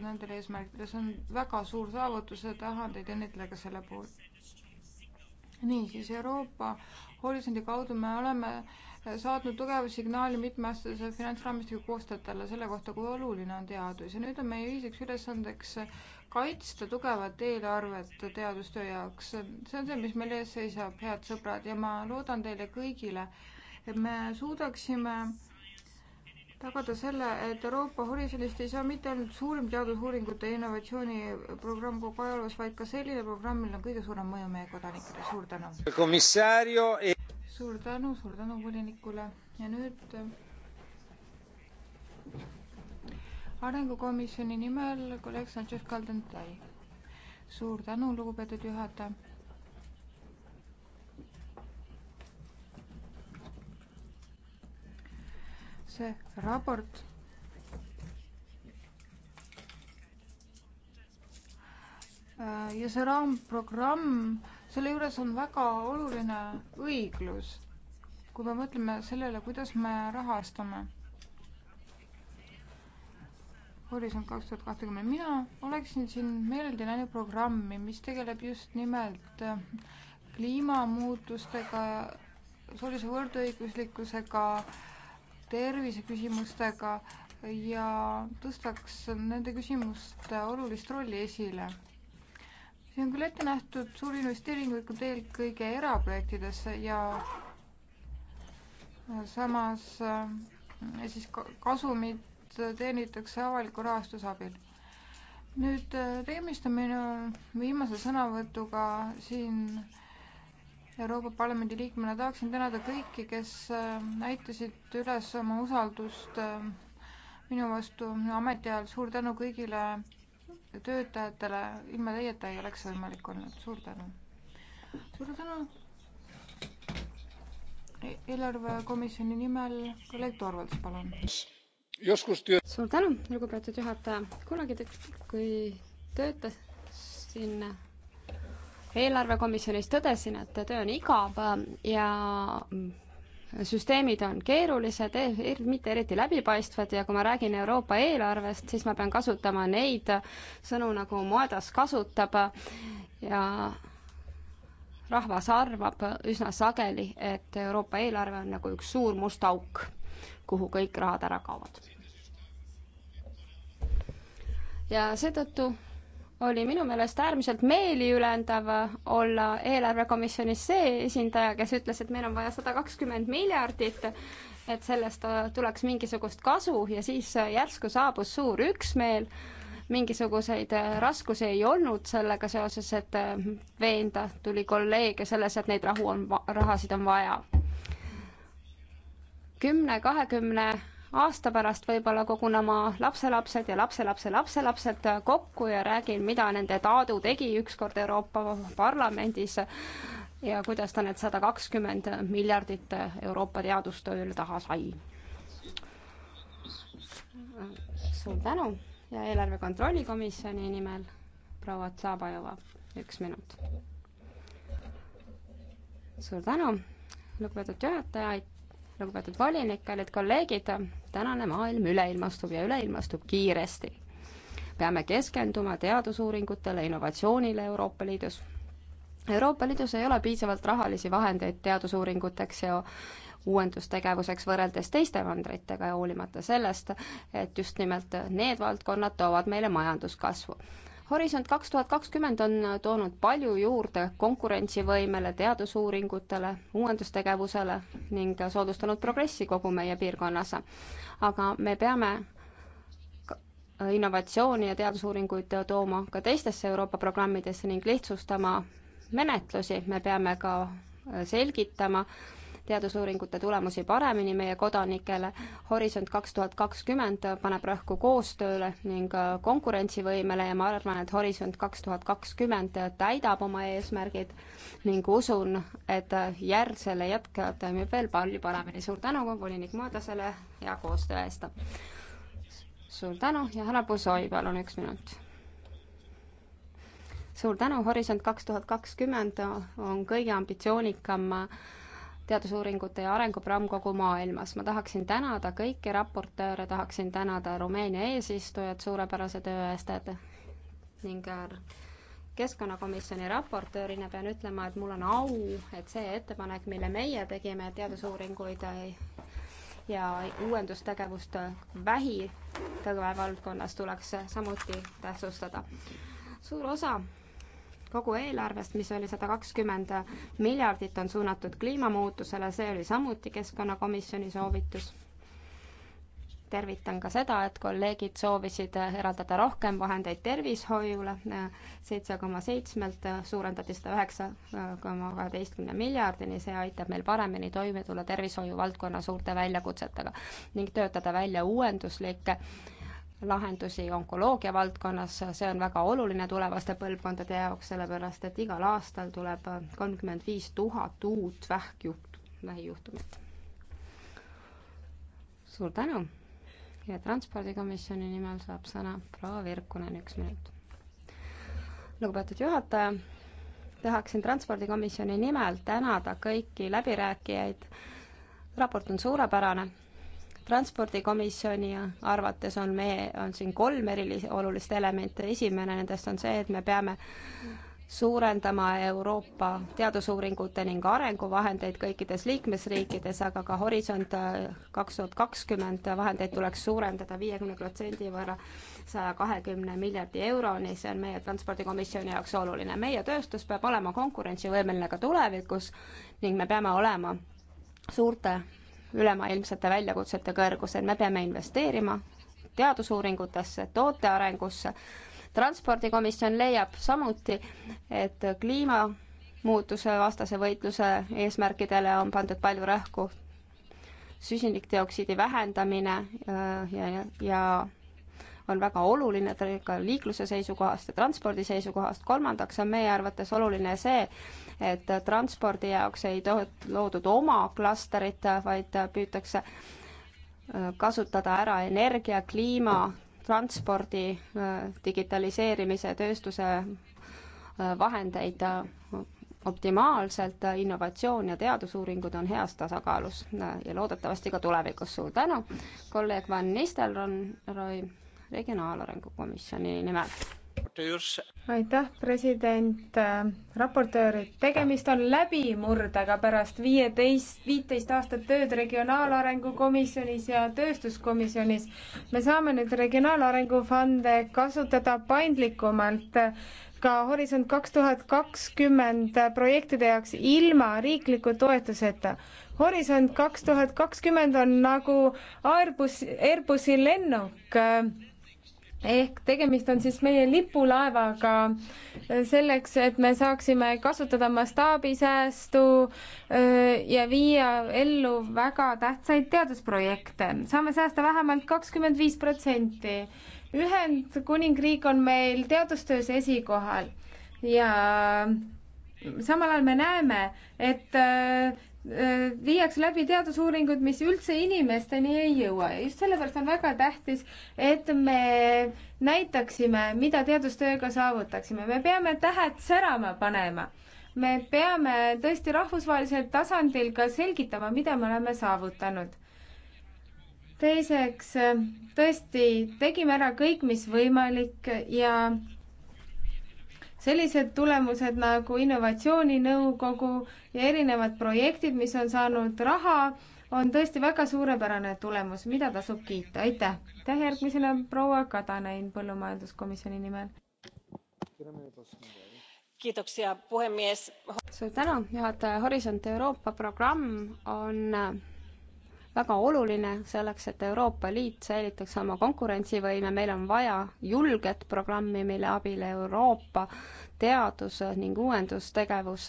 nendele eesmärkidele, see on väga suur saavutus ja tahan teid õnnitleda selle puhul. niisiis, Euroopa Horisondi kaudu me oleme saatnud tugeva signaali mitmeaastase finantsraamistiku koostajatele selle kohta, kui oluline on teadus ja nüüd on meie ühiseks ülesandeks kaitsta tugevat eelarvet teadustöö jaoks. see on see, mis meil ees seisab, head sõbrad, ja ma loodan teile kõigile, et me suudaksime tagada selle, et Euroopa Horisondist ei saa mitte ainult suurim teadusuuringute ja innovatsiooniprogramm kogu ajaloos, vaid ka selline programm, millel on kõige suurem mõju meie kodanikele. suur tänu. E- suur tänu, suur tänu volinikule ja nüüd äh, arengukomisjoni nimel kolleeg Sanchez Caldentai. suur tänu, lugupeetud juhataja see raport äh, ja see raamprogramm, selle juures on väga oluline õiglus, kui me mõtleme sellele, kuidas me rahastame. Horisont kaks tuhat kahtekümmend, mina oleksin siin meeleldi näinud programmi, mis tegeleb just nimelt äh, kliimamuutustega, soolise võrdõiguslikkusega äh,, terviseküsimustega ja tõstaks nende küsimuste olulist rolli esile. siin on küll ette nähtud suuri investeeringuid, kuid eelkõige eraprojektidesse ja samas eh, siis kasumit teenitakse avaliku rahastuse abil. nüüd eh, tegemist on minu viimase sõnavõtuga siin Euroopa Parlamendi liikmena tahaksin tänada kõiki, kes äh, näitasid üles oma usaldust äh, minu vastu minu ameti ajal. suur tänu kõigile töötajatele, ilma teieta ei oleks võimalik olnud. suur tänu. suur tänu e-, eelarvekomisjoni nimel kolleeg Torvalds, palun. suur tänu, lugupeetud juhataja. kunagi, kui töötasin eelarvekomisjonis tõdesin, et töö on igav ähm, ja mm, süsteemid on keerulised, e-, mitte eriti läbipaistvad ja kui ma räägin Euroopa eelarvest, siis ma pean kasutama neid sõnu, nagu Moedas kasutab ja rahvas arvab üsna sageli, et Euroopa eelarve on nagu üks suur must auk, kuhu kõik rahad ära kaovad. ja seetõttu oli minu meelest äärmiselt meeliülendav olla eelarvekomisjonis see esindaja, kes ütles, et meil on vaja sada kakskümmend miljardit, et sellest tuleks mingisugust kasu ja siis järsku saabus suur üksmeel. mingisuguseid raskusi ei olnud sellega seoses, et veenda tuli kolleege selles, et neid rahu on, rahasid on vaja. kümne, kahekümne aasta pärast võib-olla kogun oma lapselapsed ja lapselapse lapselapsed kokku ja räägin, mida nende taadu tegi ükskord Euroopa Parlamendis ja kuidas ta need sada kakskümmend miljardit Euroopa teadustööle taha sai. suur tänu ja eelarve kontrolli komisjoni nimel proua Tsabajova, üks minut. suur tänu, lugupeetud juhataja, lugupeetud volinik, kallid kolleegid tänane maailm üleilmastub ja üleilmastub kiiresti. peame keskenduma teadusuuringutele, innovatsioonile Euroopa Liidus. Euroopa Liidus ei ole piisavalt rahalisi vahendeid teadusuuringuteks ja uuendustegevuseks võrreldes teiste mandritega ja hoolimata sellest, et just nimelt need valdkonnad toovad meile majanduskasvu horisont kaks tuhat kakskümmend on toonud palju juurde konkurentsivõimele, teadusuuringutele, uuendustegevusele ning soodustanud progressi kogu meie piirkonnas. aga me peame innovatsiooni ja teadusuuringuid tooma ka teistesse Euroopa programmidesse ning lihtsustama menetlusi, me peame ka selgitama äh, teadusuuringute tulemusi paremini meie kodanikele. Horisont kaks tuhat kakskümmend paneb rõhku koostööle ning äh, konkurentsivõimele ja ma arvan, et Horisont kaks tuhat kakskümmend täidab oma eesmärgid ning usun, et äh, järg selle jätk toimib veel palju paremini. suur tänu volinik Moodasele hea koostöö eest. suur tänu ja härra Pusoi, palun üks minut suur tänu, Horisont kaks tuhat kakskümmend on kõige ambitsioonikam teadusuuringute ja arenguprogramm kogu maailmas. ma tahaksin tänada kõiki raportööre, tahaksin tänada Rumeenia eesistujat suurepärase töö eest ning äh, keskkonnakomisjoni raportöörina pean ütlema, et mul on au, et see ettepanek, mille meie tegime teadusuuringuid ja uuendustegevust vähitõve valdkonnas tuleks samuti tähtsustada. suur osa kogu eelarvest, mis oli sada kakskümmend miljardit, on suunatud kliimamuutusele, see oli samuti Keskkonnakomisjoni soovitus. tervitan ka seda, et kolleegid soovisid eraldada rohkem vahendeid tervishoiule, seitse koma seitsmelt suurendati seda üheksa koma kaheteistkümne miljardini, see aitab meil paremini toime tulla tervishoiu valdkonna suurte väljakutsetega ning töötada välja uuenduslikke lahendusi onkoloogia valdkonnas, see on väga oluline tulevaste põlvkondade jaoks, sellepärast et igal aastal tuleb kolmkümmend viis tuhat uut vähkjuht, vähijuhtumit. suur tänu ja Transpordikomisjoni nimel saab sõna proua Virkunen, üks minut. lugupeetud juhataja, tahaksin Transpordikomisjoni nimel tänada kõiki läbirääkijaid, raport on suurepärane transpordikomisjoni arvates on meie, on siin kolm erilist olulist elementi, esimene nendest on see, et me peame suurendama Euroopa teadusuuringute ning arenguvahendeid kõikides liikmesriikides, aga ka Horisont kaks äh, tuhat kakskümmend vahendeid tuleks suurendada viiekümne protsendi võrra saja kahekümne miljardi euroni, see on meie transpordikomisjoni jaoks oluline. meie tööstus peab olema konkurentsivõimeline ka tulevikus ning me peame olema suurte ülemaailmsete väljakutsete kõrgusel, me peame investeerima teadusuuringutesse, tootearengusse. transpordikomisjon leiab samuti, et kliimamuutuse vastase võitluse eesmärkidele on pandud palju rõhku süsinikdioksiidi vähendamine äh, ja, ja, ja on väga oluline ka liikluse seisukohast ja transpordi seisukohast. kolmandaks on meie arvates oluline see, et transpordi jaoks ei loodud oma klastrit, vaid püütakse äh, kasutada ära energia, kliima, transpordi, äh, digitaliseerimise, tööstuse äh, vahendeid optimaalselt, innovatsioon ja teadusuuringud on heas tasakaalus ja loodetavasti ka tulevikus. suur tänu, kolleeg Van Nistelrooy Regionaalarengu Komisjoni nimel aitäh, president, raportöörid, tegemist on läbimurdega pärast viieteist, viiteist aastat tööd Regionaalarengu Komisjonis ja Tööstuskomisjonis. me saame nüüd regionaalarengu fonde kasutada paindlikumalt ka Horisont kaks tuhat kakskümmend projektide jaoks ilma riikliku toetuseta. Horisont kaks tuhat kakskümmend on nagu Airbus, Airbusi lennuk ehk tegemist on siis meie lipulaevaga selleks, et me saaksime kasutada mastaabisäästu äh, ja viia ellu väga tähtsaid teadusprojekte. saame säästa vähemalt kakskümmend viis protsenti. Ühendkuningriik on meil teadustöös esikohal ja samal ajal me näeme, et äh, Äh, viiakse läbi teadusuuringud, mis üldse inimesteni ei jõua ja just sellepärast on väga tähtis, et me näitaksime, mida teadustööga saavutaksime, me peame tähed särama panema. me peame tõesti rahvusvahelisel tasandil ka selgitama, mida me oleme saavutanud. teiseks, tõesti tegime ära kõik, mis võimalik ja sellised tulemused nagu innovatsiooninõukogu ja erinevad projektid, mis on saanud raha, on tõesti väga suurepärane tulemus, mida tasub kiita, aitäh. aitäh järgmisena proua Kadanen põllumajanduskomisjoni nimel. suur tänu, juhataja, Horisont Euroopa programm on väga oluline selleks, et Euroopa Liit säilitaks oma konkurentsivõime, meil on vaja julget programmi, mille abil Euroopa teadus ning uuendustegevus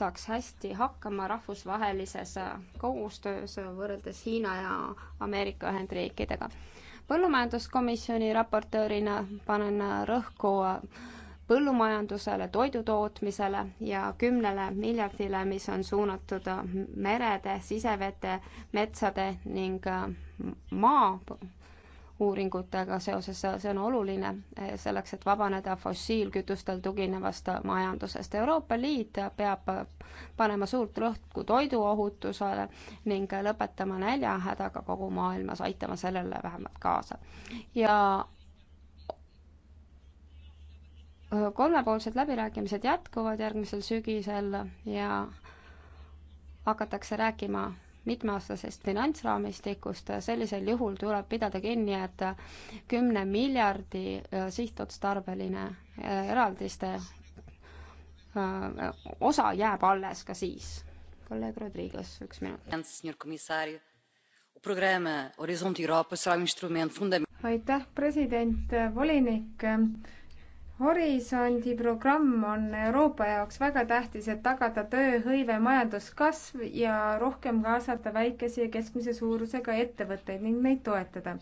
saaks hästi hakkama rahvusvahelises koostöös võrreldes Hiina ja Ameerika Ühendriikidega. põllumajanduskomisjoni raportöörina panen rõhku põllumajandusele, toidutootmisele ja kümnele miljardile, mis on suunatud merede, sisevete, metsade ning äh, maa uuringutega seoses, see on oluline äh, selleks, et vabaneda fossiilkütustel tuginevast majandusest. Euroopa Liit peab panema suurt rõhku toiduohutusele ning lõpetama näljahädaga kogu maailmas, aitama sellele vähemalt kaasa. ja kolmepoolsed läbirääkimised jätkuvad järgmisel sügisel ja hakatakse rääkima mitmeaastasest finantsraamistikust, sellisel juhul tuleb pidada kinni, et kümne miljardi äh, sihtotstarbeline äh, eraldiste äh, osa jääb alles ka siis. kolleeg Rodriguez, üks minut. Um aitäh, president, volinik Horisondi programm on Euroopa jaoks väga tähtis, et tagada tööhõive, majanduskasv ja rohkem kaasata väikese ja keskmise suurusega ettevõtteid ning neid toetada.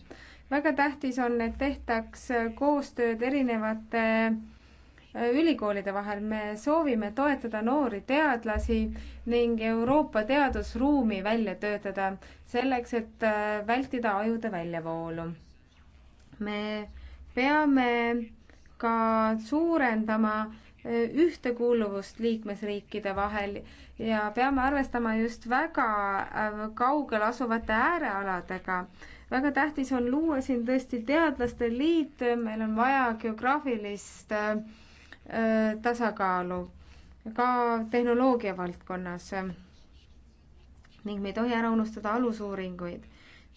väga tähtis on, et tehtaks koostööd erinevate äh, ülikoolide vahel. me soovime toetada noori teadlasi ning Euroopa teadusruumi välja töötada selleks, et äh, vältida ajude väljavoolu. me peame ka suurendama eh, ühtekuuluvust liikmesriikide vahel ja peame arvestama just väga äh, kaugel asuvate äärealadega. väga tähtis on luua siin tõesti teadlaste liit, meil on vaja geograafilist äh, äh, tasakaalu ka tehnoloogia valdkonnas. ning me ei tohi ära unustada alusuuringuid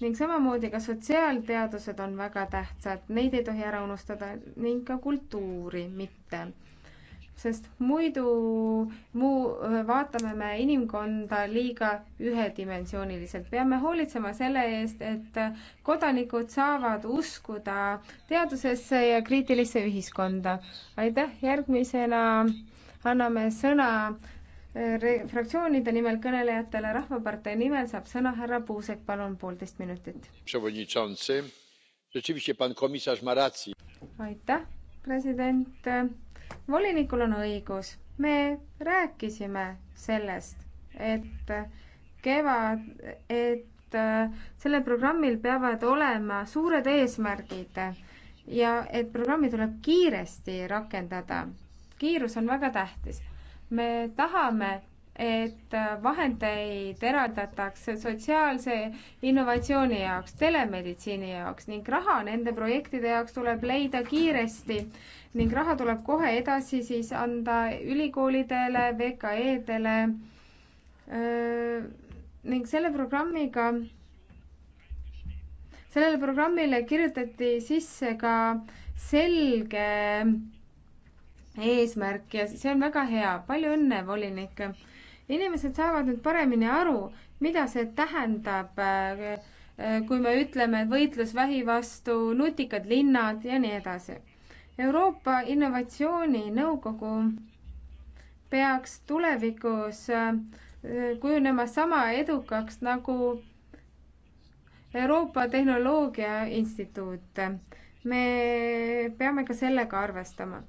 ning samamoodi ka sotsiaalteadused on väga tähtsad, neid ei tohi ära unustada ning ka kultuuri mitte. sest muidu muu, vaatame me inimkonda liiga ühedimensiooniliselt. peame hoolitsema selle eest, et kodanikud saavad uskuda teadusesse ja kriitilisse ühiskonda. aitäh, järgmisena anname sõna fraktsioonide nimel kõnelejatele, Rahvapartei nimel saab sõna härra Puusek, palun, poolteist minutit. aitäh, president. volinikul on õigus, me rääkisime sellest, et kevad, et äh, sellel programmil peavad olema suured eesmärgid ja et programmi tuleb kiiresti rakendada. kiirus on väga tähtis me tahame, et vahendeid eraldatakse sotsiaalse innovatsiooni jaoks, telemeditsiini jaoks ning raha nende projektide jaoks tuleb leida kiiresti ning raha tuleb kohe edasi siis anda ülikoolidele, VKE-dele ning selle programmiga sellele programmile kirjutati sisse ka selge eesmärk ja see on väga hea. palju õnne, volinik! inimesed saavad nüüd paremini aru, mida see tähendab, äh, äh, kui me ütleme, et võitlus vähi vastu, nutikad linnad ja nii edasi. Euroopa Innovatsiooninõukogu peaks tulevikus äh, kujunema sama edukaks nagu Euroopa Tehnoloogia Instituut. me peame ka sellega arvestama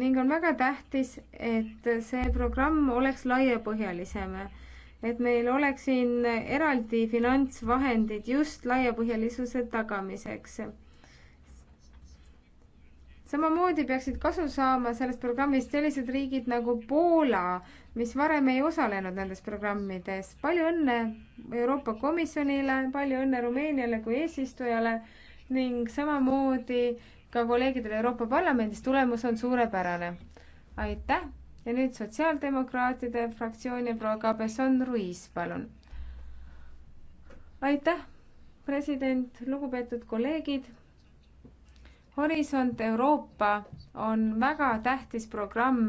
ning on väga tähtis, et see programm oleks laiapõhjalisem, et meil oleks siin eraldi finantsvahendid just laiapõhjalisuse tagamiseks. samamoodi peaksid kasu saama sellest programmist sellised riigid nagu Poola, mis varem ei osalenud nendes programmides. palju õnne Euroopa Komisjonile, palju õnne Rumeeniale kui eesistujale ning samamoodi ka kolleegidele Euroopa Parlamendis, tulemus on suurepärane. aitäh ja nüüd Sotsiaaldemokraatide fraktsiooni proua Cabezon Ruiz, palun. aitäh, president, lugupeetud kolleegid. Horisont Euroopa on väga tähtis programm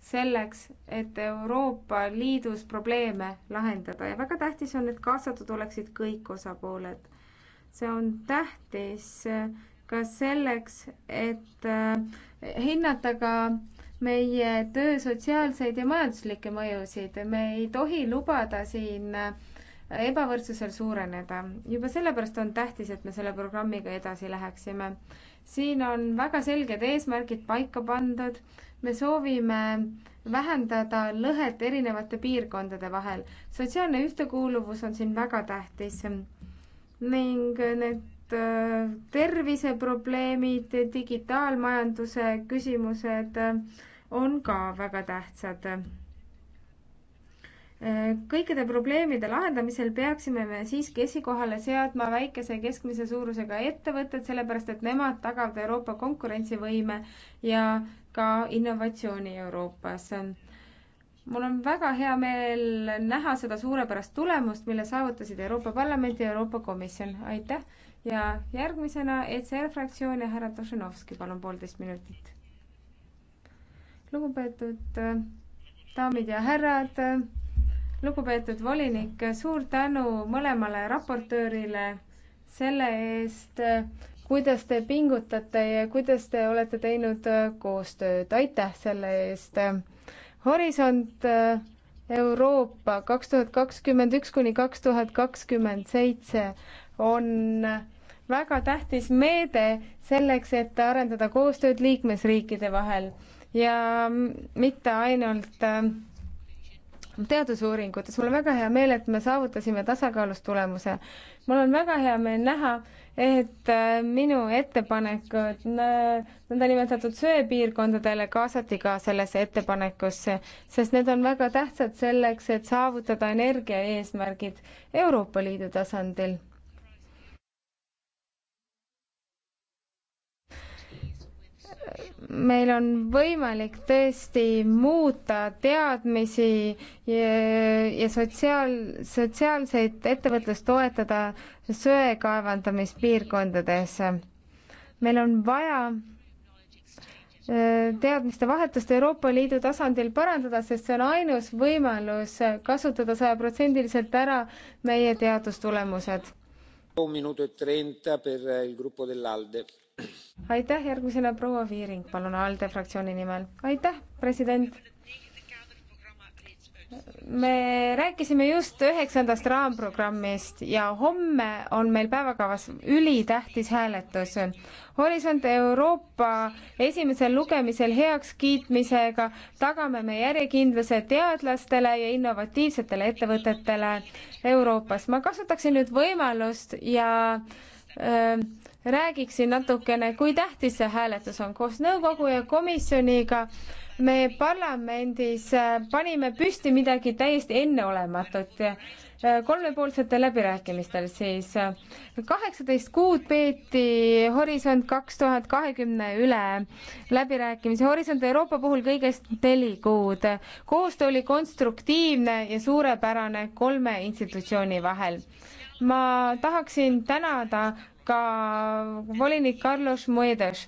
selleks, et Euroopa Liidus probleeme lahendada ja väga tähtis on, et kaasatud oleksid kõik osapooled. see on tähtis ka selleks, et äh, hinnata ka meie töö sotsiaalseid ja majanduslikke mõjusid. me ei tohi lubada siin äh, ebavõrdsusel suureneda. juba sellepärast on tähtis, et me selle programmiga edasi läheksime. siin on väga selged eesmärgid paika pandud. me soovime vähendada lõhet erinevate piirkondade vahel. sotsiaalne ühtekuuluvus on siin väga tähtis ning need Äh, terviseprobleemid, digitaalmajanduse küsimused äh, on ka väga tähtsad. Äh, kõikide probleemide lahendamisel peaksime me siiski esikohale seadma väikese ja keskmise suurusega ettevõtted, sellepärast et nemad tagavad Euroopa konkurentsivõime ja ka innovatsiooni Euroopas mul on väga hea meel näha seda suurepärast tulemust, mille saavutasid Euroopa Parlament ja Euroopa Komisjon. aitäh ja järgmisena ECR fraktsioon ja härra Tošenovski, palun poolteist minutit. lugupeetud äh, daamid ja härrad, äh, lugupeetud volinik, suur tänu mõlemale raportöörile selle eest, äh, kuidas te pingutate ja kuidas te olete teinud koostööd, aitäh selle eest. horisont Euroopa kaks tuhat kakskümmend üks kuni kaks tuhat kakskümmend seitse on väga tähtis meede selleks, et arendada koostööd liikmesriikide vahel ja mitte ainult ähm, teadusuuringutes. mul on väga hea meel, et me saavutasime tasakaalus tulemuse. mul on väga hea meel näha, et äh, minu ettepanekud nõndanimetatud söepiirkondadele kaasati ka sellesse ettepanekusse, sest need on väga tähtsad selleks, et saavutada energiaeesmärgid Euroopa Liidu tasandil meil on võimalik tõesti muuta teadmisi ja, ja sotsiaal, sotsiaalseid ettevõtlust toetada söe kaevandamispiirkondades. meil on vaja äh, teadmiste vahetust Euroopa Liidu tasandil parandada, sest see on ainus võimalus kasutada sajaprotsendiliselt ära meie teadustulemused. minutit e trenta per il gruppo dell'Alde aitäh, järgmisena proua Viiring, palun, ALDE fraktsiooni nimel. aitäh, president. me rääkisime just üheksandast raamprogrammist ja homme on meil päevakavas ülitähtis hääletus. Horisont Euroopa esimesel lugemisel heakskiitmisega tagame me järjekindluse teadlastele ja innovatiivsetele ettevõtetele Euroopas. ma kasutaksin nüüd võimalust ja öö, räägiksin natukene, kui tähtis see hääletus on. koos nõukogu ja komisjoniga me parlamendis äh, panime püsti midagi täiesti enneolematut äh, kolmepoolsetel läbirääkimistel siis. Äh, kaheksateist kuud peeti Horisont kaks tuhat kahekümne üle läbirääkimisi, Horisont Euroopa puhul kõigest neli kuud. koostöö oli konstruktiivne ja suurepärane kolme institutsiooni vahel. ma tahaksin tänada ka volinik Carlos Muedas.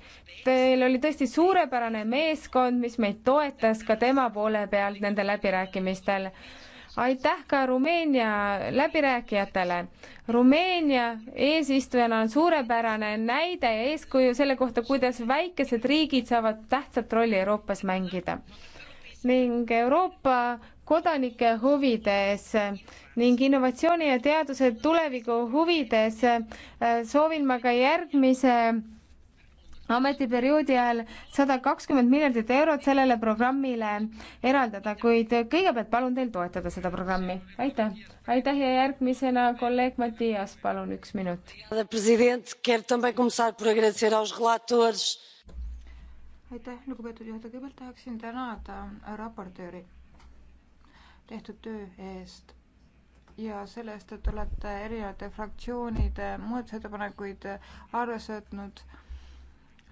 Teil oli tõesti suurepärane meeskond, mis meid toetas ka tema poole pealt nendel läbirääkimistel. aitäh ka Rumeenia läbirääkijatele. Rumeenia eesistujana on suurepärane näide ja eeskuju selle kohta, kuidas väikesed riigid saavad tähtsat rolli Euroopas mängida ning Euroopa kodanike huvides ning innovatsiooni ja teaduse tuleviku huvides soovin ma ka järgmise ametiperioodi ajal sada kakskümmend miljardit eurot sellele programmile eraldada, kuid kõigepealt palun teil toetada seda programmi. aitäh, aitäh ja järgmisena kolleeg Mattias, palun üks minut. aitäh, lugupeetud juhataja, kõigepealt tahaksin tänada raportööri tehtud töö eest ja selle eest, et olete erinevate fraktsioonide muudatusettepanekuid arvesse võtnud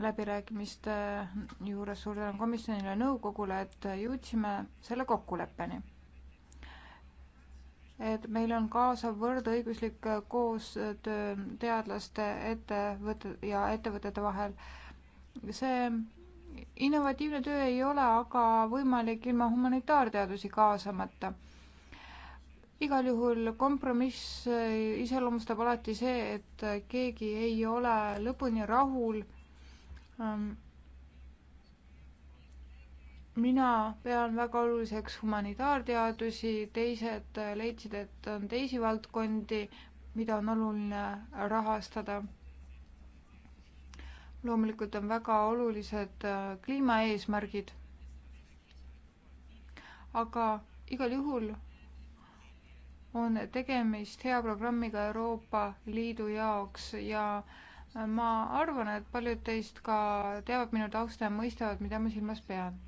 läbirääkimiste juures suur tänu komisjonile ja nõukogule, et jõudsime selle kokkuleppeni. et meil on kaasav võrdõiguslik koostöö teadlaste, ettevõtte ja ettevõtete vahel. see innovatiivne töö ei ole aga võimalik ilma humanitaarteadusi kaasamata. igal juhul kompromiss iseloomustab alati see, et keegi ei ole lõpuni rahul. Ähm, mina pean väga oluliseks humanitaarteadusi, teised leidsid, et on teisi valdkondi, mida on oluline rahastada loomulikult on väga olulised äh, kliimaeesmärgid, aga igal juhul on tegemist hea programmiga Euroopa Liidu jaoks ja äh, ma arvan, et paljud teist ka teavad minu tausta ja mõistavad, mida ma silmas pean.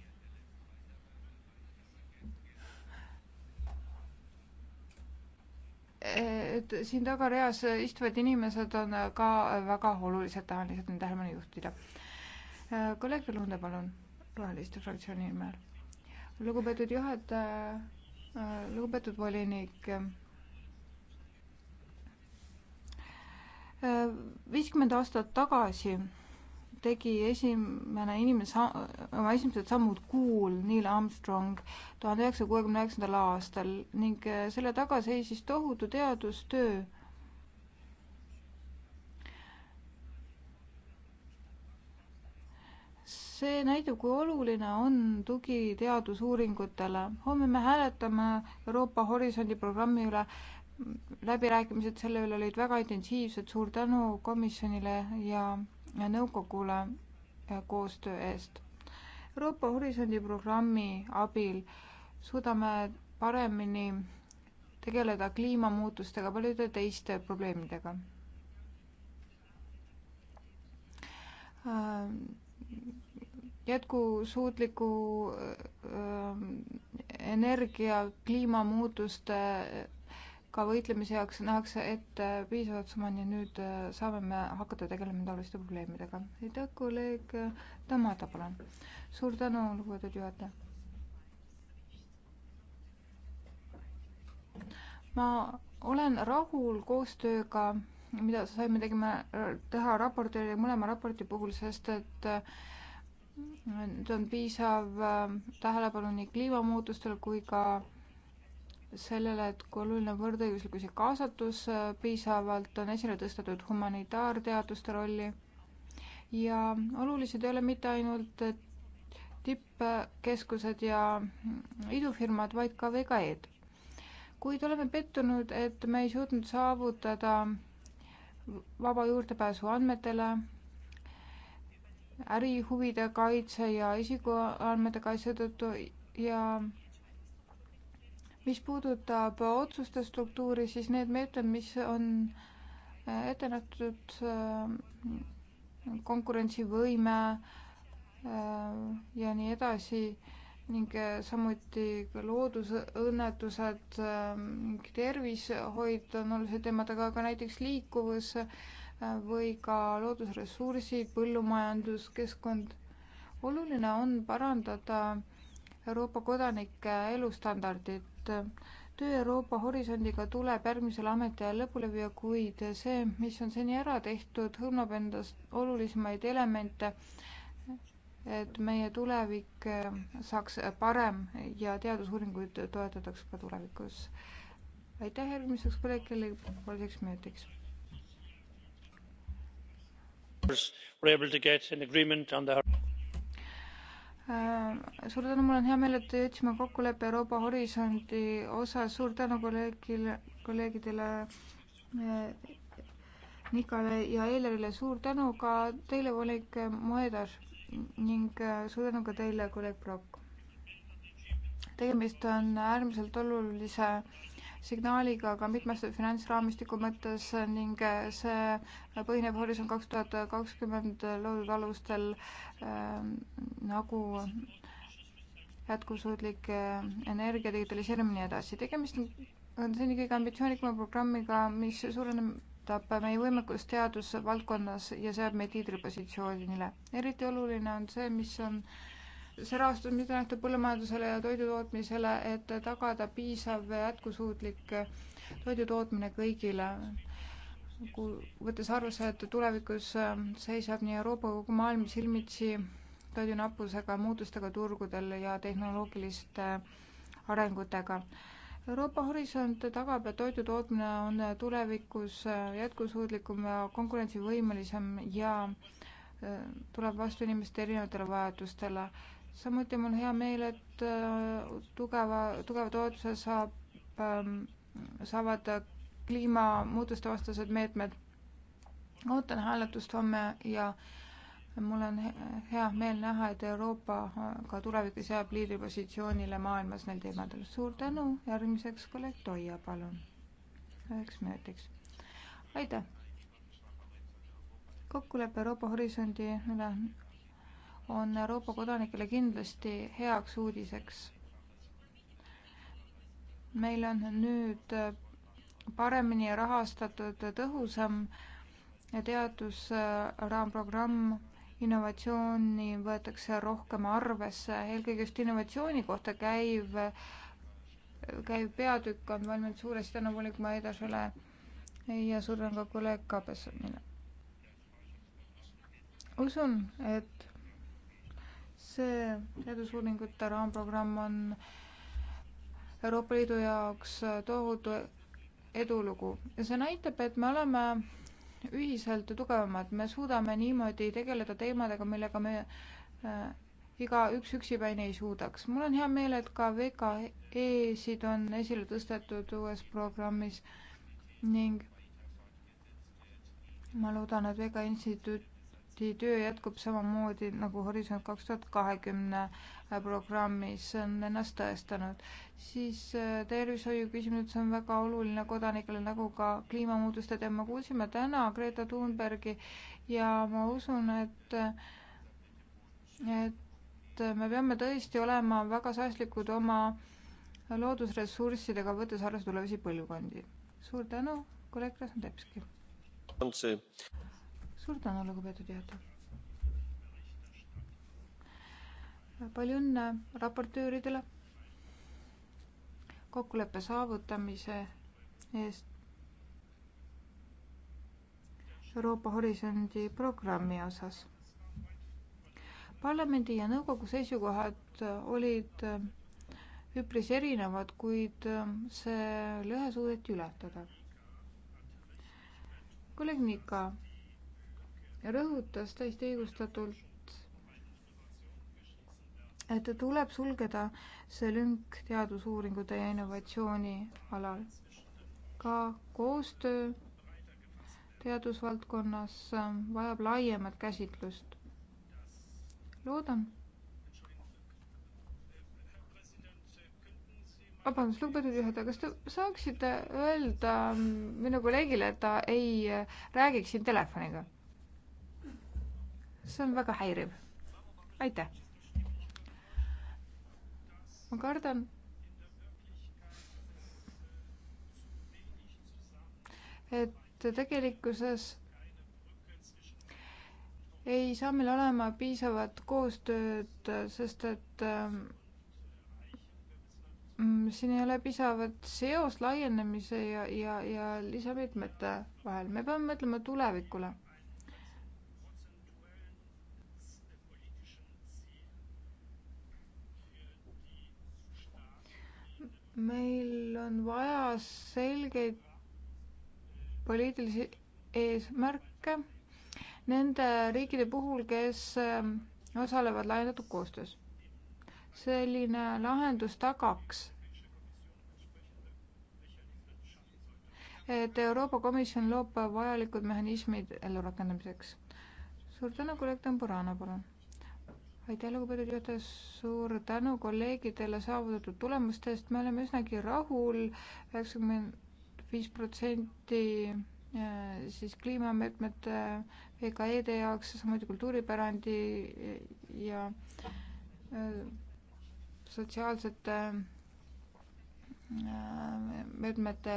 et siin tagareas istuvad inimesed on ka väga olulised, tahan lihtsalt nende tähelepanu juhtida. kolleeg Lunde, palun, Roheliste fraktsiooni nimel. lugupeetud juhataja, lugupeetud volinik. viiskümmend aastat tagasi tegi esimene inimene oma esimesed sammud kuul Neil Armstrong tuhande üheksasaja kuuekümne üheksandal aastal ning äh, selle taga seisis tohutu teadustöö. see näitab, kui oluline on tugi teadusuuringutele. homme me hääletame Euroopa Horisondi programmi üle läbirääkimised selle üle olid väga intensiivsed, suur tänu komisjonile ja nõukogule äh, koostöö eest. Euroopa Horisondi programmi abil suudame paremini tegeleda kliimamuutustega, paljude teiste probleemidega. Ähm, jätkusuutliku äh, äh, energia kliimamuutuste vaesusega võitlemise jaoks nähakse ette piisavalt summa, nii et nüüd äh, saame me hakata tegelema taoliste probleemidega. aitäh, kolleeg äh, Tamada, palun. suur tänu, lugupeetud juhataja. ma olen rahul koostööga, mida saime, tegime äh, teha raportööri, mõlema raporti puhul, sest et nüüd on piisav tähelepanu nii kliimamuutustele kui ka sellele, et kui oluline võrdõiguslikkus ja kaasatus äh, piisavalt on esile tõstetud humanitaarteaduste rolli ja olulised ei ole mitte ainult äh, tippkeskused ja mm, idufirmad, vaid ka VKE-d. kuid oleme pettunud, et me ei suutnud saavutada vaba juurdepääsu andmetele, ärihuvide kaitse ja isikuandmete kaitse tõttu ja mis puudutab otsuste struktuuri, siis need meetmed, mis on äh, ette nähtud äh, konkurentsivõime äh, ja nii edasi ning samuti ka loodusõnnetused ning tervishoid on olulised teemad, aga ka näiteks liikuvus või ka loodusressursid, põllumajandus, keskkond. oluline on parandada Euroopa kodanike elustandardit et äh, töö Euroopa Horisondiga tuleb järgmisel ametiajal lõpule viia, kuid see, mis on seni ära tehtud, hõlmab endas olulisemaid elemente, et meie tulevik äh, saaks parem ja teadusuuringuid toetatakse ka tulevikus. aitäh järgmiseks kolleegile, pooleteiseks minutiks members were able to get an agreement on the. Äh, suur tänu, mul on hea meel, et jõudsime kokkuleppe Euroopa Horisondi osas, suur tänu kolleegile, kolleegidele äh, Nikale ja Eilerile, suur tänu ka teile, kolleeg Moedas ning äh, suur tänu ka teile, kolleeg Prokk. tegemist on äärmiselt olulise signaaliga ka mitmes finantsraamistiku mõttes ning see põhineb Horisont kaks tuhat kakskümmend loodud alustel ähm, nagu jätkusuutlik äh, energia digitaliseerimine ja nii edasi. tegemist on seni kõige ambitsioonikama programmiga, mis suurendab meie võimekust teadusvaldkonnas ja seab meid liidripositsioonile. eriti oluline on see, mis on äh, see rahastus, mida nähtab põllumajandusele ja toidutootmisele, et tagada piisav jätkusuutlik toidutootmine kõigile. võttes arvesse, et tulevikus ähm, seisab nii Euroopa kui kogu maailm silmitsi toidunappusega, muutustega turgudel ja tehnoloogiliste arengutega Euroopa Horisont tagab, et toidutootmine on tulevikus äh, jätkusuutlikum ja konkurentsivõimelisem ja äh, tuleb vastu inimeste erinevatele vajadustele samuti on mul hea meel, et äh, tugeva, tugeva toetuse saab, ähm, saavad kliimamuutuste vastased meetmed. ootan hääletust homme ja mul on hea meel näha, et Euroopa äh, ka tulevikus jääb liidripositsioonile maailmas neil teemadel. suur tänu, järgmiseks kolleeg Toia, palun, üheks minutiks. aitäh! kokkulepe Euroopa Horisondi üle on Euroopa kodanikele kindlasti heaks uudiseks. meil on nüüd paremini rahastatud tõhusam teadusraamprogramm, innovatsiooni võetakse rohkem arvesse, eelkõige just innovatsiooni kohta käiv, käiv peatükk on valminud suuresti tänu volinik Maidasele ja suur tänu ka kolleeg Kabesonile. usun, et see teadusuuringute raamprogramm on Euroopa Liidu jaoks tohutu edulugu ja see näitab, et me oleme ühiselt tugevamad, me suudame niimoodi tegeleda teemadega, millega me äh, igaüks üksipäini ei suudaks. mul on hea meel, et ka VKE-sid on esile tõstetud uues programmis ning ma loodan, et VKE instituut samuti töö jätkub samamoodi nagu Horisont kaks tuhat kahekümne programmis on ennast tõestanud. siis äh, tervishoiu küsimus on väga oluline kodanikele, nagu ka kliimamuutuste teema. kuulsime täna Greta Thunbergi ja ma usun, et, et me peame tõesti olema väga säästlikud oma loodusressurssidega, võttes arvesse tulevasi põlvkondi. suur tänu, kolleeg Krasnodebski suur tänu, lugupeetud juhataja. palju õnne raportööridele kokkuleppe saavutamise eest Euroopa Horisondi programmi osas. parlamendi ja nõukogu seisukohad olid üpris erinevad, kuid see lõhe suudeti ületada. kolleeg Nika rõhutas täiesti õigustatult, et tuleb sulgeda see lünk teadusuuringute ja innovatsiooni alal. ka koostöö teadusvaldkonnas vajab laiemat käsitlust. loodan. vabandust, lugupeetud juhataja, kas te saaksite öelda minu kolleegile, et ta ei räägiks siin telefoniga? see on väga häiriv. aitäh. ma kardan, et tegelikkuses ei saa meil olema piisavat koostööd, sest et ähm, siin ei ole piisavat seost laienemise ja, ja, ja lisameetmete vahel. me peame mõtlema tulevikule meil on vaja selgeid poliitilisi eesmärke nende riikide puhul, kes ähm, osalevad laiendatud koostöös. selline lahendus tagaks, et Euroopa Komisjon loob vajalikud mehhanismid ellurakendamiseks. suur tänu, kolleeg Tamburana, palun aitäh, lugupeetud juhataja, suur tänu kolleegidele saavutatud tulemuste eest, me oleme üsnagi rahul, üheksakümmend viis protsenti äh, siis kliimameetmete VKE-de jaoks, samuti kultuuripärandi äh, ja äh, sotsiaalsete meetmete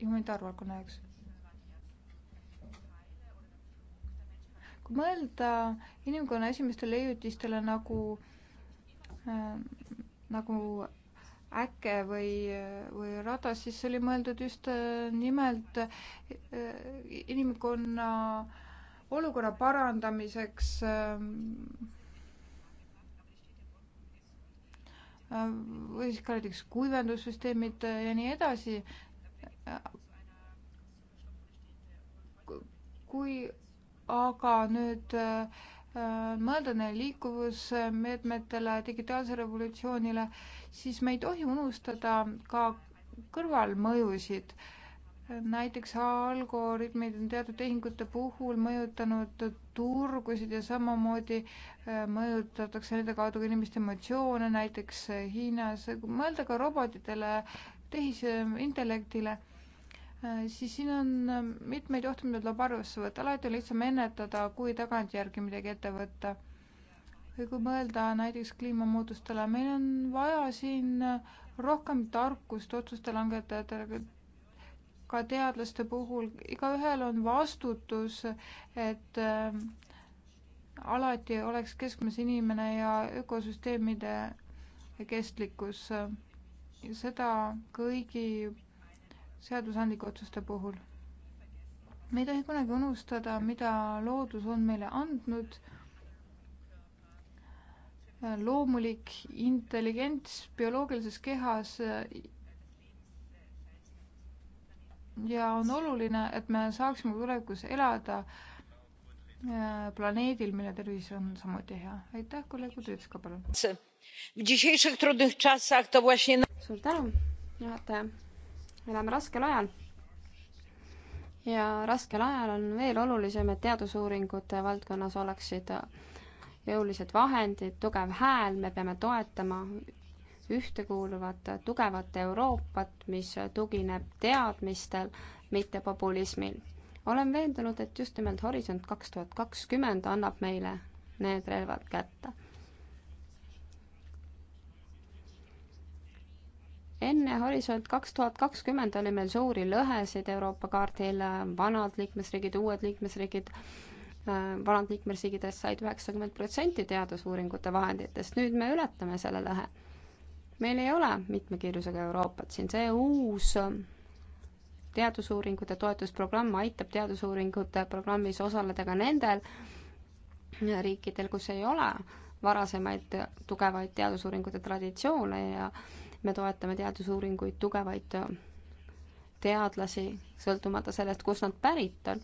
juhinde arvakonna jaoks kui mõelda inimkonna esimestele leiutistele nagu äh,, nagu äke või, või radas, siis see oli mõeldud just äh, nimelt äh, inimkonna olukorra parandamiseks ähm, äh, või siis ka näiteks kuivendussüsteemid ja nii edasi. kui aga nüüd äh, äh, mõelda neile liikuvusmeetmetele, digitaalse revolutsioonile, siis me ei tohi unustada ka kõrvalmõjusid. näiteks algoritmid on teatud tehingute puhul mõjutanud turgusid ja samamoodi äh, mõjutatakse nende kaudu ka inimeste emotsioone, näiteks Hiinas, mõelda ka robotitele, tehisintellektile Äh, siis siin on äh, mitmeid juhtumeid, mida tuleb arvesse võtta, alati on lihtsam ennetada, kui tagantjärgi midagi ette võtta. või kui mõelda näiteks kliimamuutustele, meil on vaja siin äh, rohkem tarkust otsuste langetajatele, ka teadlaste puhul, igaühel on vastutus, et äh, alati oleks keskmes inimene ja ökosüsteemide kestlikkus, seda kõigi seadusandlike otsuste puhul. me ei tohi kunagi unustada, mida loodus on meile andnud. loomulik intelligents bioloogilises kehas ja on oluline, et me saaksime tulevikus elada äh, planeedil, mille tervis on samuti hea. aitäh, kolleeg Udritska, palun. suur tänu, juhataja elame raskel ajal. ja raskel ajal on veel olulisem, et teadusuuringute valdkonnas oleksid jõulised vahendid, tugev hääl, me peame toetama ühtekuuluvat tugevat Euroopat, mis tugineb teadmistel, mitte populismil. olen veendunud, et just nimelt Horisont kaks tuhat kakskümmend annab meile need relvad kätte. enne Horisont kaks tuhat kakskümmend oli meil suuri lõhesid Euroopa kaardil, vanad liikmesriigid, uued liikmesriigid, vanad liikmesriigidest said üheksakümmend protsenti teadusuuringute vahenditest, nüüd me ületame selle lõhe. meil ei ole mitmekiirusega Euroopat siin, see uus teadusuuringute toetusprogramm aitab teadusuuringute programmis osaleda ka nendel riikidel, kus ei ole varasemaid tugevaid teadusuuringute traditsioone ja äh, me toetame teadusuuringuid, tugevaid äh, teadlasi, sõltumata sellest, kust nad pärit on.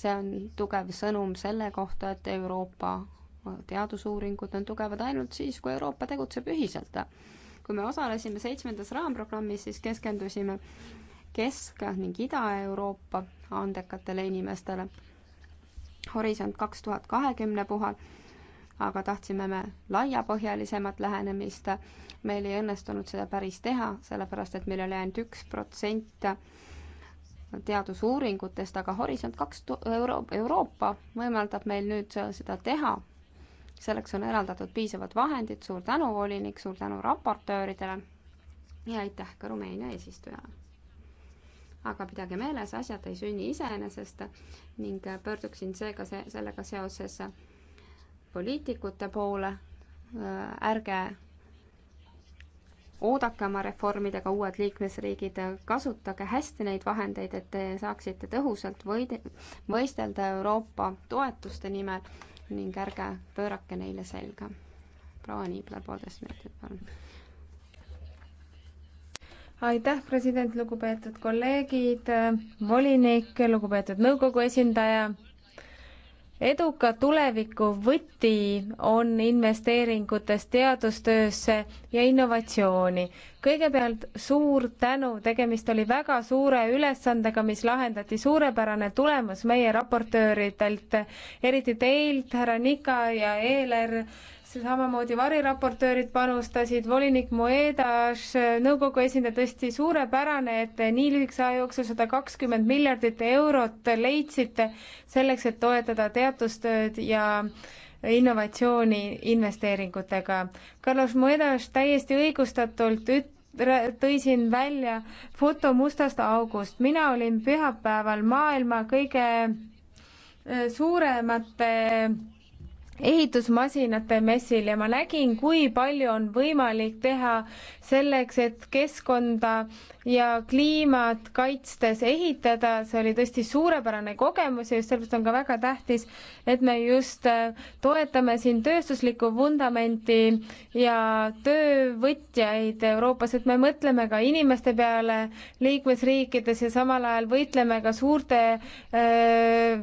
see on tugev sõnum selle kohta, et Euroopa äh, teadusuuringud on tugevad ainult siis, kui Euroopa tegutseb ühiselt. kui me osalesime seitsmendas raamprogrammis, siis keskendusime Kesk- ning Ida-Euroopa andekatele inimestele. Horisont kaks tuhat kahekümne puhul aga tahtsime me laiapõhjalisemat lähenemist. meil ei õnnestunud seda päris teha, sellepärast et meil oli ainult üks protsent teadusuuringutest, aga Horisont kaks Euro Euroopa võimaldab meil nüüd seda teha. selleks on eraldatud piisavad vahendid, suur tänu, volinik, suur tänu raportööridele ja aitäh ka Rumeenia eesistujale. aga pidage meeles, asjad ei sünni iseenesest ning pöörduksin seega se sellega seoses poliitikute poole, ärge oodake oma reformidega uued liikmesriigid, kasutage hästi neid vahendeid, et te saaksite tõhusalt võide-, võistelda Euroopa toetuste nimel ning ärge pöörake neile selga. proua Niibler, poolteist minutit, palun. aitäh, president, lugupeetud kolleegid, volinik, lugupeetud nõukogu esindaja eduka tuleviku võti on investeeringutes teadustöösse ja innovatsiooni. kõigepealt suur tänu, tegemist oli väga suure ülesandega, mis lahendati, suurepärane tulemus meie raportööridelt, eriti teilt, härra Nika ja Eeler samamoodi variraportöörid panustasid, volinik Moedas, nõukogu esindaja, tõesti suurepärane, et te nii lühikese aja jooksul sada kakskümmend miljardit eurot leidsite selleks, et toetada teadustööd ja innovatsiooni investeeringutega. Carlos Moedas täiesti õigustatult üt-, tõi siin välja foto mustast august. mina olin pühapäeval maailma kõige äh, suuremate ehitusmasinate messil ja ma nägin, kui palju on võimalik teha selleks, et keskkonda ja kliimat kaitstes ehitada, see oli tõesti suurepärane kogemus ja just sellepärast on ka väga tähtis, et me just äh, toetame siin tööstuslikku vundamenti ja töövõtjaid Euroopas, et me mõtleme ka inimeste peale liikmesriikides ja samal ajal võitleme ka suurte öö, äh,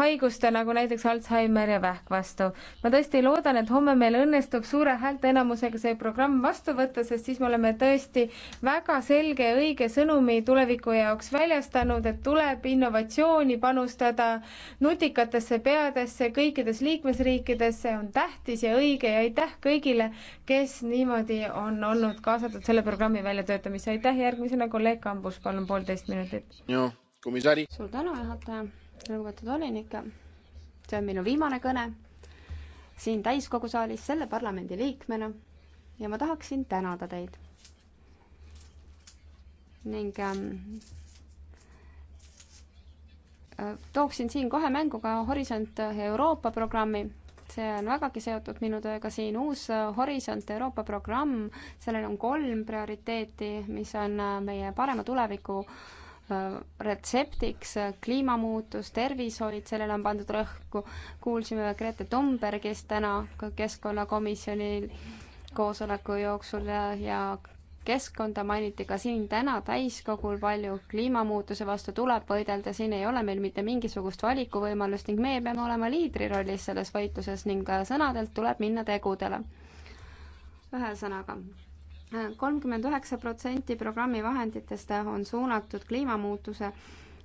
haiguste nagu näiteks Alzheimer ja vähk vastu vastu. ma tõesti loodan, et homme meil õnnestub suure häälteenamusega see programm vastu võtta, sest siis me oleme tõesti väga selge ja õige sõnumi tuleviku jaoks väljastanud, et tuleb innovatsiooni panustada nutikatesse peadesse kõikides liikmesriikides, see on tähtis ja õige ja aitäh kõigile, kes niimoodi on olnud kaasatud selle programmi väljatöötamisse, aitäh, järgmisena kolleeg Kambus, palun poolteist minutit. suur tänu, juhataja lugupeetud volinik, see on minu viimane kõne siin täiskogu saalis selle parlamendi liikmena ja ma tahaksin tänada teid. ning ähm, äh, tooksin siin kohe mängu ka Horisont Euroopa programmi, see on vägagi seotud minu tööga siin, uus äh, Horisont Euroopa programm, sellel on kolm prioriteeti, mis on äh, meie parema tuleviku äh, retseptiks kliimamuutus, tervishoid, sellele on pandud rõhku. kuulsime Grete Thunbergist täna keskkonnakomisjoni koosoleku jooksul ja, ja keskkonda mainiti ka siin täna täiskogul palju. kliimamuutuse vastu tuleb võidelda, siin ei ole meil mitte mingisugust valikuvõimalust ning meie peame olema liidri rollis selles võitluses ning sõnadelt tuleb minna tegudele. ühesõnaga kolmkümmend üheksa protsenti programmi vahenditest on suunatud kliimamuutuse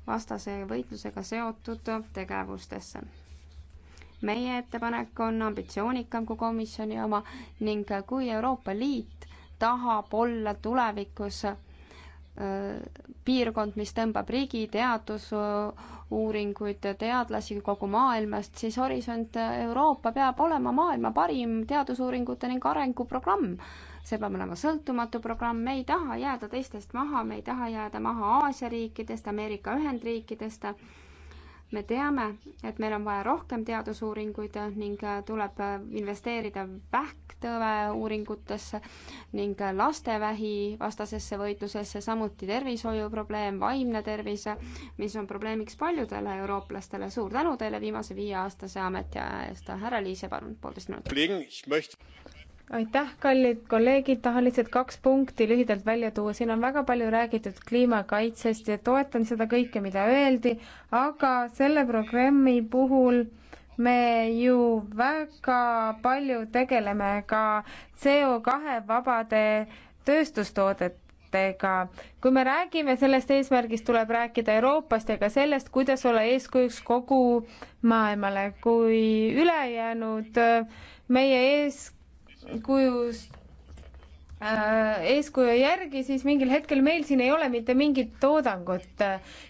vastase võitlusega seotud tegevustesse. meie ettepanek on ambitsioonikam kui komisjoni oma ning kui Euroopa Liit tahab olla tulevikus piirkond, mis tõmbab riigi teadusuuringuid, teadlasi kogu maailmast, siis Horisont Euroopa peab olema maailma parim teadusuuringute ning arenguprogramm see peab olema sõltumatu programm, me ei taha jääda teistest maha, me ei taha jääda maha Aasia riikidest, Ameerika Ühendriikidest. me teame, et meil on vaja rohkem teadusuuringuid ning tuleb investeerida vähktõve uuringutesse ning lastevähi vastasesse võitlusesse, samuti tervishoiuprobleem, vaimne tervis, mis on probleemiks paljudele eurooplastele. suur tänu teile viimase viieaastase ametiaja eest. härra Liise, palun, poolteist minutit aitäh, kallid kolleegid, tahan lihtsalt kaks punkti lühidalt välja tuua, siin on väga palju räägitud kliimakaitsest ja toetan seda kõike, mida öeldi, aga selle programmi puhul me ju väga palju tegeleme ka CO kahe vabade tööstustoodete ettevõtetega. kui me räägime sellest eesmärgist, tuleb rääkida Euroopast ja ka sellest, kuidas olla eeskujuks kogu maailmale, kui ülejäänud äh, meie ees kui just äh, eeskuju järgi, siis mingil hetkel meil siin ei ole mitte mingit toodangut.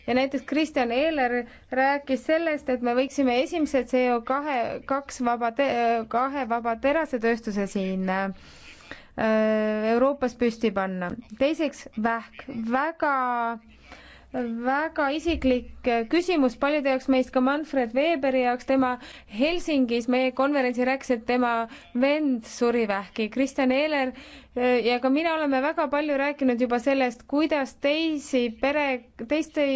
ja näiteks Kristjan Eeler rääkis sellest, et me võiksime esimese CO kahe, kaks vaba, kahe vaba terasetööstuse siin äh, Euroopas püsti panna. teiseks vähk, väga äh, väga isiklik äh, küsimus paljude jaoks meist, ka Manfred Weberi jaoks, tema Helsingis meie konverentsil rääkis, et tema vend suri vähki. Kristjan Eeler äh, ja ka mina oleme väga palju rääkinud juba sellest, kuidas teisi pere, teiste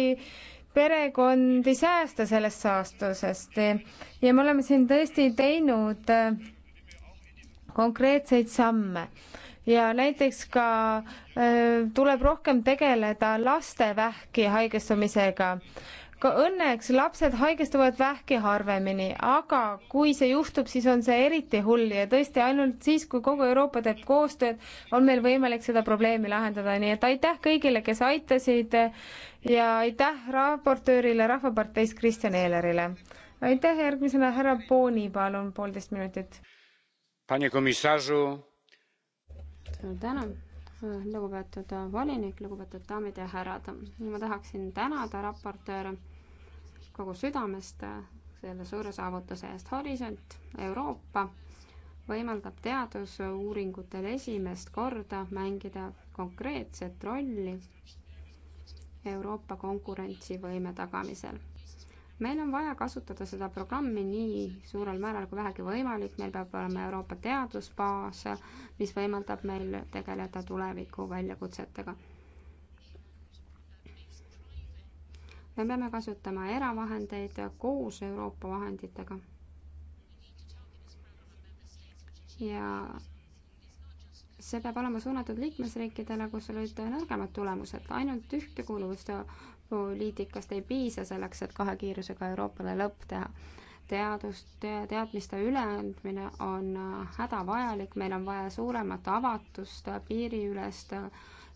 perekondi säästa sellest saastusest ja me oleme siin tõesti teinud äh, konkreetseid samme ja näiteks ka äh, tuleb rohkem tegeleda laste vähki haigestumisega ka õnneks lapsed haigestuvad vähki harvemini, aga kui see juhtub, siis on see eriti hull ja tõesti ainult siis, kui kogu Euroopa teeb koostööd, on meil võimalik seda probleemi lahendada, nii et aitäh kõigile, kes aitasid ja aitäh raportöörile Rahvaparteist Kristjan Eelerile. aitäh, järgmisena härra Pooni, palun poolteist minutit. Panie komisarzu, suur tänu, lugupeetud volinik, lugupeetud daamid ja härrad. ma tahaksin tänada raportööre kogu südamest selle suure saavutuse eest. Horisont Euroopa võimaldab teadusuuringutel esimest korda mängida konkreetset rolli Euroopa konkurentsivõime tagamisel meil on vaja kasutada seda programmi nii suurel määral kui vähegi võimalik, meil peab olema Euroopa teadusbaas, mis võimaldab meil tegeleda tuleviku väljakutsetega. me peame kasutama eravahendeid koos Euroopa vahenditega. ja see peab olema suunatud liikmesriikidele, kus olid nõrgemad tulemused, ainult ühtekuuluvust poliitikast ei piisa selleks, et kahe kiirusega Euroopale lõpp teha. teadus, teadmiste üleandmine on äh, hädavajalik, meil on vaja suuremat avatust, äh, piiriülest, äh,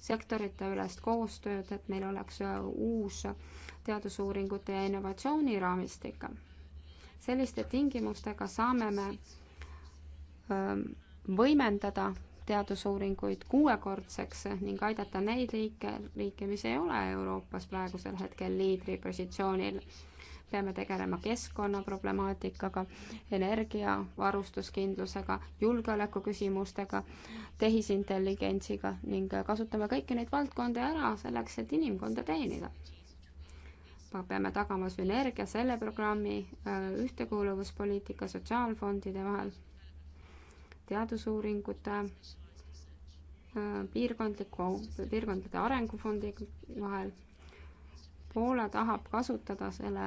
sektorite ülest koostööd, et meil oleks uus teadusuuringute ja innovatsiooni raamistik. selliste tingimustega saame me ähm, võimendada teadusuuringuid kuuekordseks ning aidata neid riike, riike, mis ei ole Euroopas praegusel hetkel liidripositsioonil. peame tegelema keskkonnaproblemaatikaga, energiavarustuskindlusega, julgeolekuküsimustega, tehisintelligentsiga ning kasutame kõiki neid valdkondi ära selleks, et inimkonda teenida peame tagama sünergia selle programmi äh, ühtekuuluvuspoliitika sotsiaalfondide vahel teadusuuringute äh, piirkondliku, piirkondade arengufondi vahel. Poola tahab kasutada selle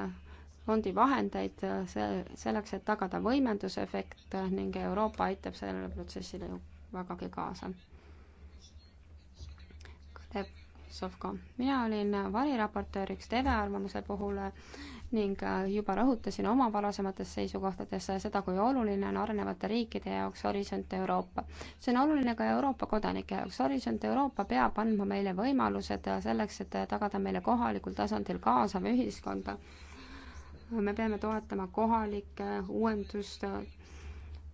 fondi vahendeid äh, see, selleks, et tagada võimendusefekt äh, ning Euroopa aitab sellele protsessile ju vägagi kaasa Sovko. mina olin variraportööriks telearvamuse puhul ning juba rõhutasin oma varasemates seisukohtades seda, kui oluline on arenevate riikide jaoks Horisont Euroopa. see on oluline ka Euroopa kodanike jaoks. Horisont Euroopa peab andma meile võimalused selleks, et tagada meile kohalikul tasandil kaasav ühiskonda. me peame toetama kohalikke uuendust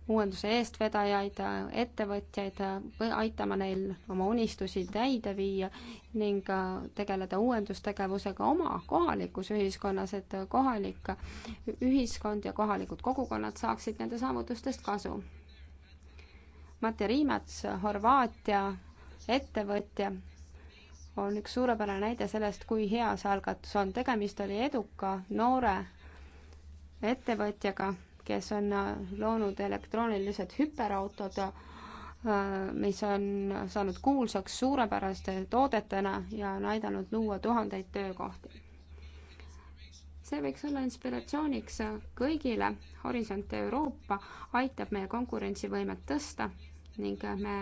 uuenduse eestvedajaid, ettevõtjaid, aitama neil oma unistusi täide viia ning äh, tegeleda uuendustegevusega oma kohalikus ühiskonnas, et kohalik ühiskond ja kohalikud kogukonnad saaksid nende saavutustest kasu. Mati Riimets, Horvaatia ettevõtja, on üks suurepärane näide sellest, kui hea see algatus on. tegemist oli eduka noore ettevõtjaga kes on äh, loonud elektroonilised hüperautod, äh, mis on saanud kuulsaks suurepäraste toodetena ja on aidanud luua tuhandeid töökohti. see võiks olla inspiratsiooniks kõigile. Horisont Euroopa aitab meie konkurentsivõimet tõsta ning me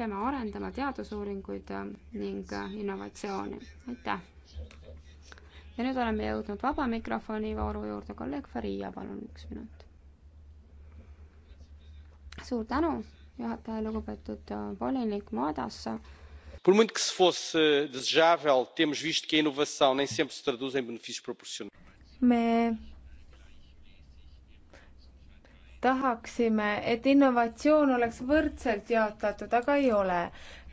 peame arendama teadusuuringuid ning innovatsiooni. aitäh! ja nüüd oleme jõudnud vaba mikrofoni vooru juurde, kolleeg Faria, palun üks minut. suur tänu, juhataja, lugupeetud äh, volinik Madassa. Por muito que se fosse äh, desejável, temos visto que a inovação nem sempre se traduz em benefícios proporcionais. me tahaksime, et innovatsioon oleks võrdselt jaotatud, aga ei ole.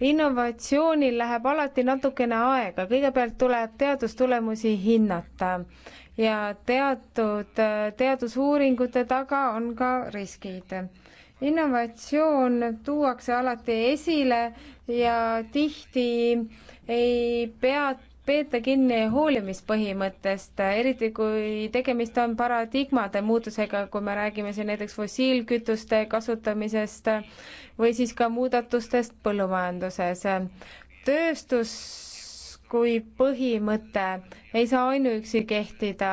innovatsioonil läheb alati natukene aega, kõigepealt tuleb teadustulemusi hinnata ja teatud teadusuuringute taga on ka riskid. innovatsioon tuuakse alati esile ja tihti ei peata peeta kinni hoolimispõhimõttest, eriti kui tegemist on paradigmade muutusega, kui me räägime siin näiteks fossiilkütuste kasutamisest või siis ka muudatustest põllumajanduses. tööstus kui põhimõte ei saa ainuüksi kehtida.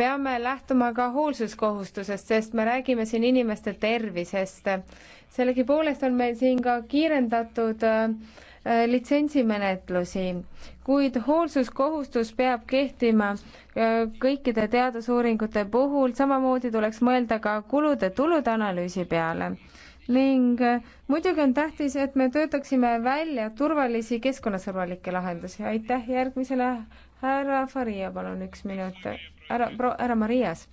peame lähtuma ka hoolsuskohustusest, sest me räägime siin inimeste tervisest. sellegipoolest on meil siin ka kiirendatud äh, litsentsimenetlusi kuid hoolsuskohustus peab kehtima äh, kõikide teadusuuringute puhul, samamoodi tuleks mõelda ka kulude-tulude analüüsi peale. ning äh, muidugi on tähtis, et me töötaksime välja turvalisi keskkonnasõbralikke lahendusi. aitäh, järgmisele härra Faria, palun üks minut. härra, härra Marias.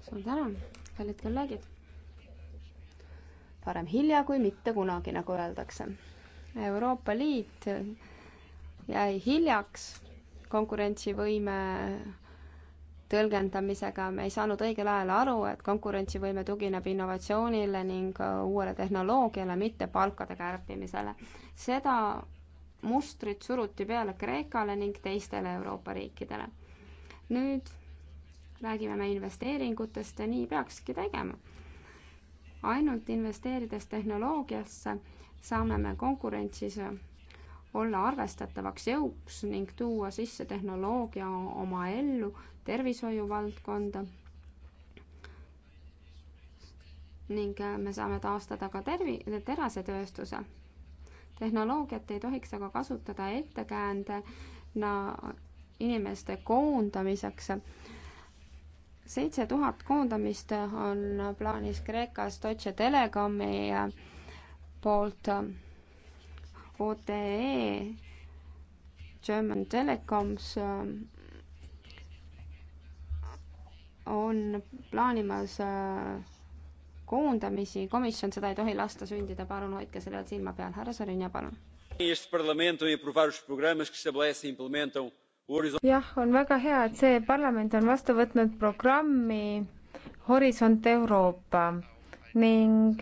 suur tänu, kallid kolleegid. parem hilja kui mitte kunagi, nagu öeldakse Euroopa Liit jäi hiljaks konkurentsivõime tõlgendamisega, me ei saanud õigel ajal aru, et konkurentsivõime tugineb innovatsioonile ning uuele tehnoloogiale, mitte palkade kärpimisele. seda mustrit suruti peale Kreekale ning teistele Euroopa riikidele. nüüd räägime me investeeringutest ja nii peakski tegema. ainult investeerides tehnoloogiasse saame me konkurentsis olla arvestatavaks jõuks ning tuua sisse tehnoloogia oma ellu tervishoiuvaldkonda. ning äh, me saame taastada ka tervi-, terasetööstuse. tehnoloogiat ei tohiks aga kasutada ettekäändena inimeste koondamiseks. seitse tuhat koondamist on plaanis Kreekas Deutsche Telekomi äh, poolt äh, OTE, German Telecoms äh, on plaanimas äh, koondamisi, komisjon seda ei tohi lasta sündida, palun hoidke sellel silma peal, härra Sõrinja, palun. E e jah, on väga hea, et see parlament on vastu võtnud programmi Horisont Euroopa ning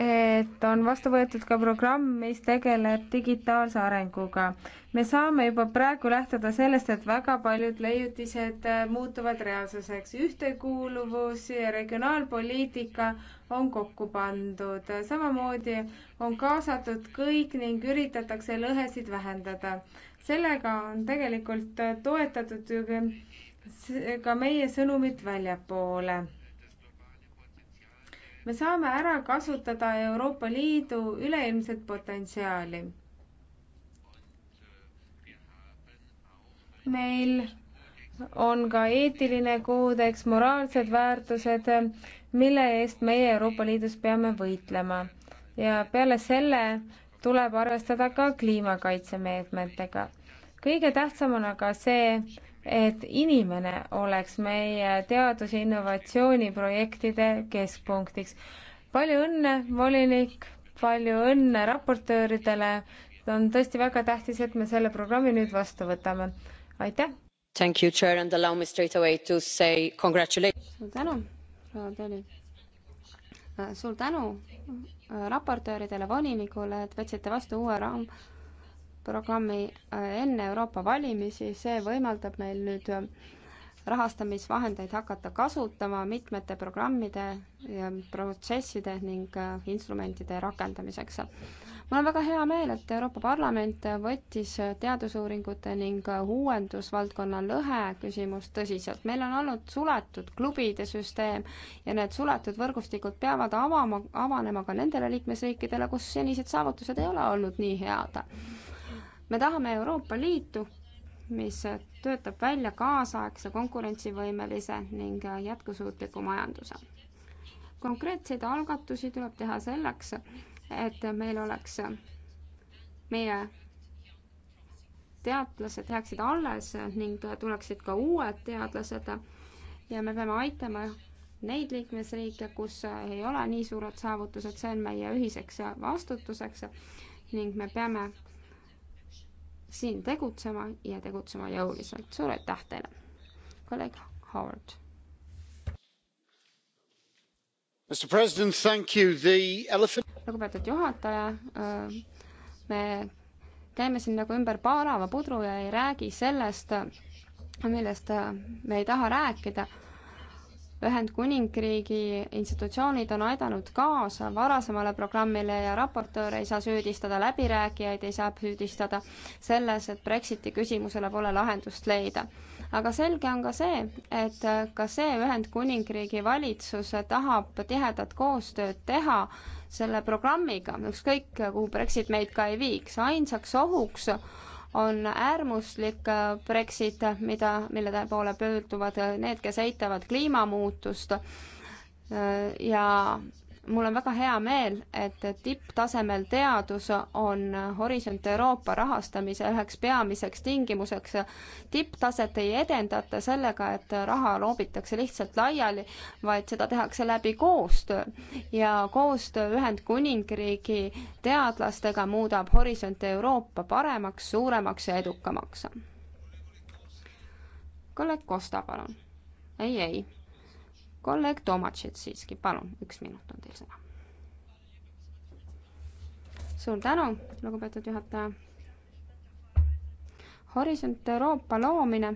et on vastu võetud ka programm, mis tegeleb digitaalse arenguga. me saame juba praegu lähtuda sellest, et väga paljud leiutised äh, muutuvad reaalsuseks. ühtekuuluvus ja regionaalpoliitika on kokku pandud, samamoodi on kaasatud kõik ning üritatakse lõhesid vähendada. sellega on tegelikult toetatud ka meie sõnumit väljapoole me saame ära kasutada Euroopa Liidu üleilmset potentsiaali. meil on ka eetiline koodeks, moraalsed väärtused, mille eest meie Euroopa Liidus peame võitlema. ja peale selle tuleb arvestada ka kliimakaitsemeetmetega. kõige tähtsam on aga see, et inimene oleks meie teadus- ja innovatsiooniprojektide keskpunktiks. palju õnne, volinik, palju õnne raportööridele, on tõesti väga tähtis, et me selle programmi nüüd vastu võtame. aitäh! Thank you, Chair, and allow me straight away to say congratulations. suur tänu, proua Tõni. suur tänu raportööridele, volinikule, et võtsite vastu uue raam-, programmi äh, enne Euroopa valimisi, see võimaldab meil nüüd äh, rahastamisvahendeid hakata kasutama mitmete programmide, protsesside ning äh, instrumentide rakendamiseks. mul on väga hea meel, et Euroopa Parlament võttis teadusuuringute ning uuendusvaldkonna lõhe küsimust tõsiselt. meil on olnud suletud klubide süsteem ja need suletud võrgustikud peavad avama, avanema ka nendele liikmesriikidele, kus senised saavutused ei ole olnud nii head me tahame Euroopa Liitu, mis töötab välja kaasaegse konkurentsivõimelise ning jätkusuutliku majanduse. konkreetseid algatusi tuleb teha selleks, et meil oleks, meie teadlased jääksid alles ning tuleksid ka uued teadlased ja me peame aitama neid liikmesriike, kus ei ole nii suured saavutused, see on meie ühiseks vastutuseks ning me peame siin tegutsema ja tegutsema jõuliselt. suur aitäh teile, kolleeg Howard. lugupeetud juhataja, äh, me käime siin nagu ümber paarava pudru ja ei räägi sellest, millest äh, me ei taha rääkida Ühendkuningriigi institutsioonid on aidanud kaasa varasemale programmile ja raportööre ei saa süüdistada, läbirääkijaid ei saa süüdistada selles, et Brexiti küsimusele pole lahendust leida. aga selge on ka see, et ka see Ühendkuningriigi valitsus tahab tihedat koostööd teha selle programmiga, ükskõik kuhu Brexit meid ka ei viiks, ainsaks ohuks on äärmuslik äh, Brexit, mida, mille poole pöörduvad äh, need, kes eitavad kliimamuutust äh, ja mul on väga hea meel, et tipptasemel teadus on Horisont Euroopa rahastamise üheks peamiseks tingimuseks. tipptaset ei edendata sellega, et raha loobitakse lihtsalt laiali, vaid seda tehakse läbi koostöö ja koostöö Ühendkuningriigi teadlastega muudab Horisont Euroopa paremaks, suuremaks ja edukamaks. kolleeg Kosta, palun. ei, ei kolleeg Tomatšits siiski, palun, üks minut on teil sõna. suur tänu, lugupeetud juhataja. Horisont Euroopa loomine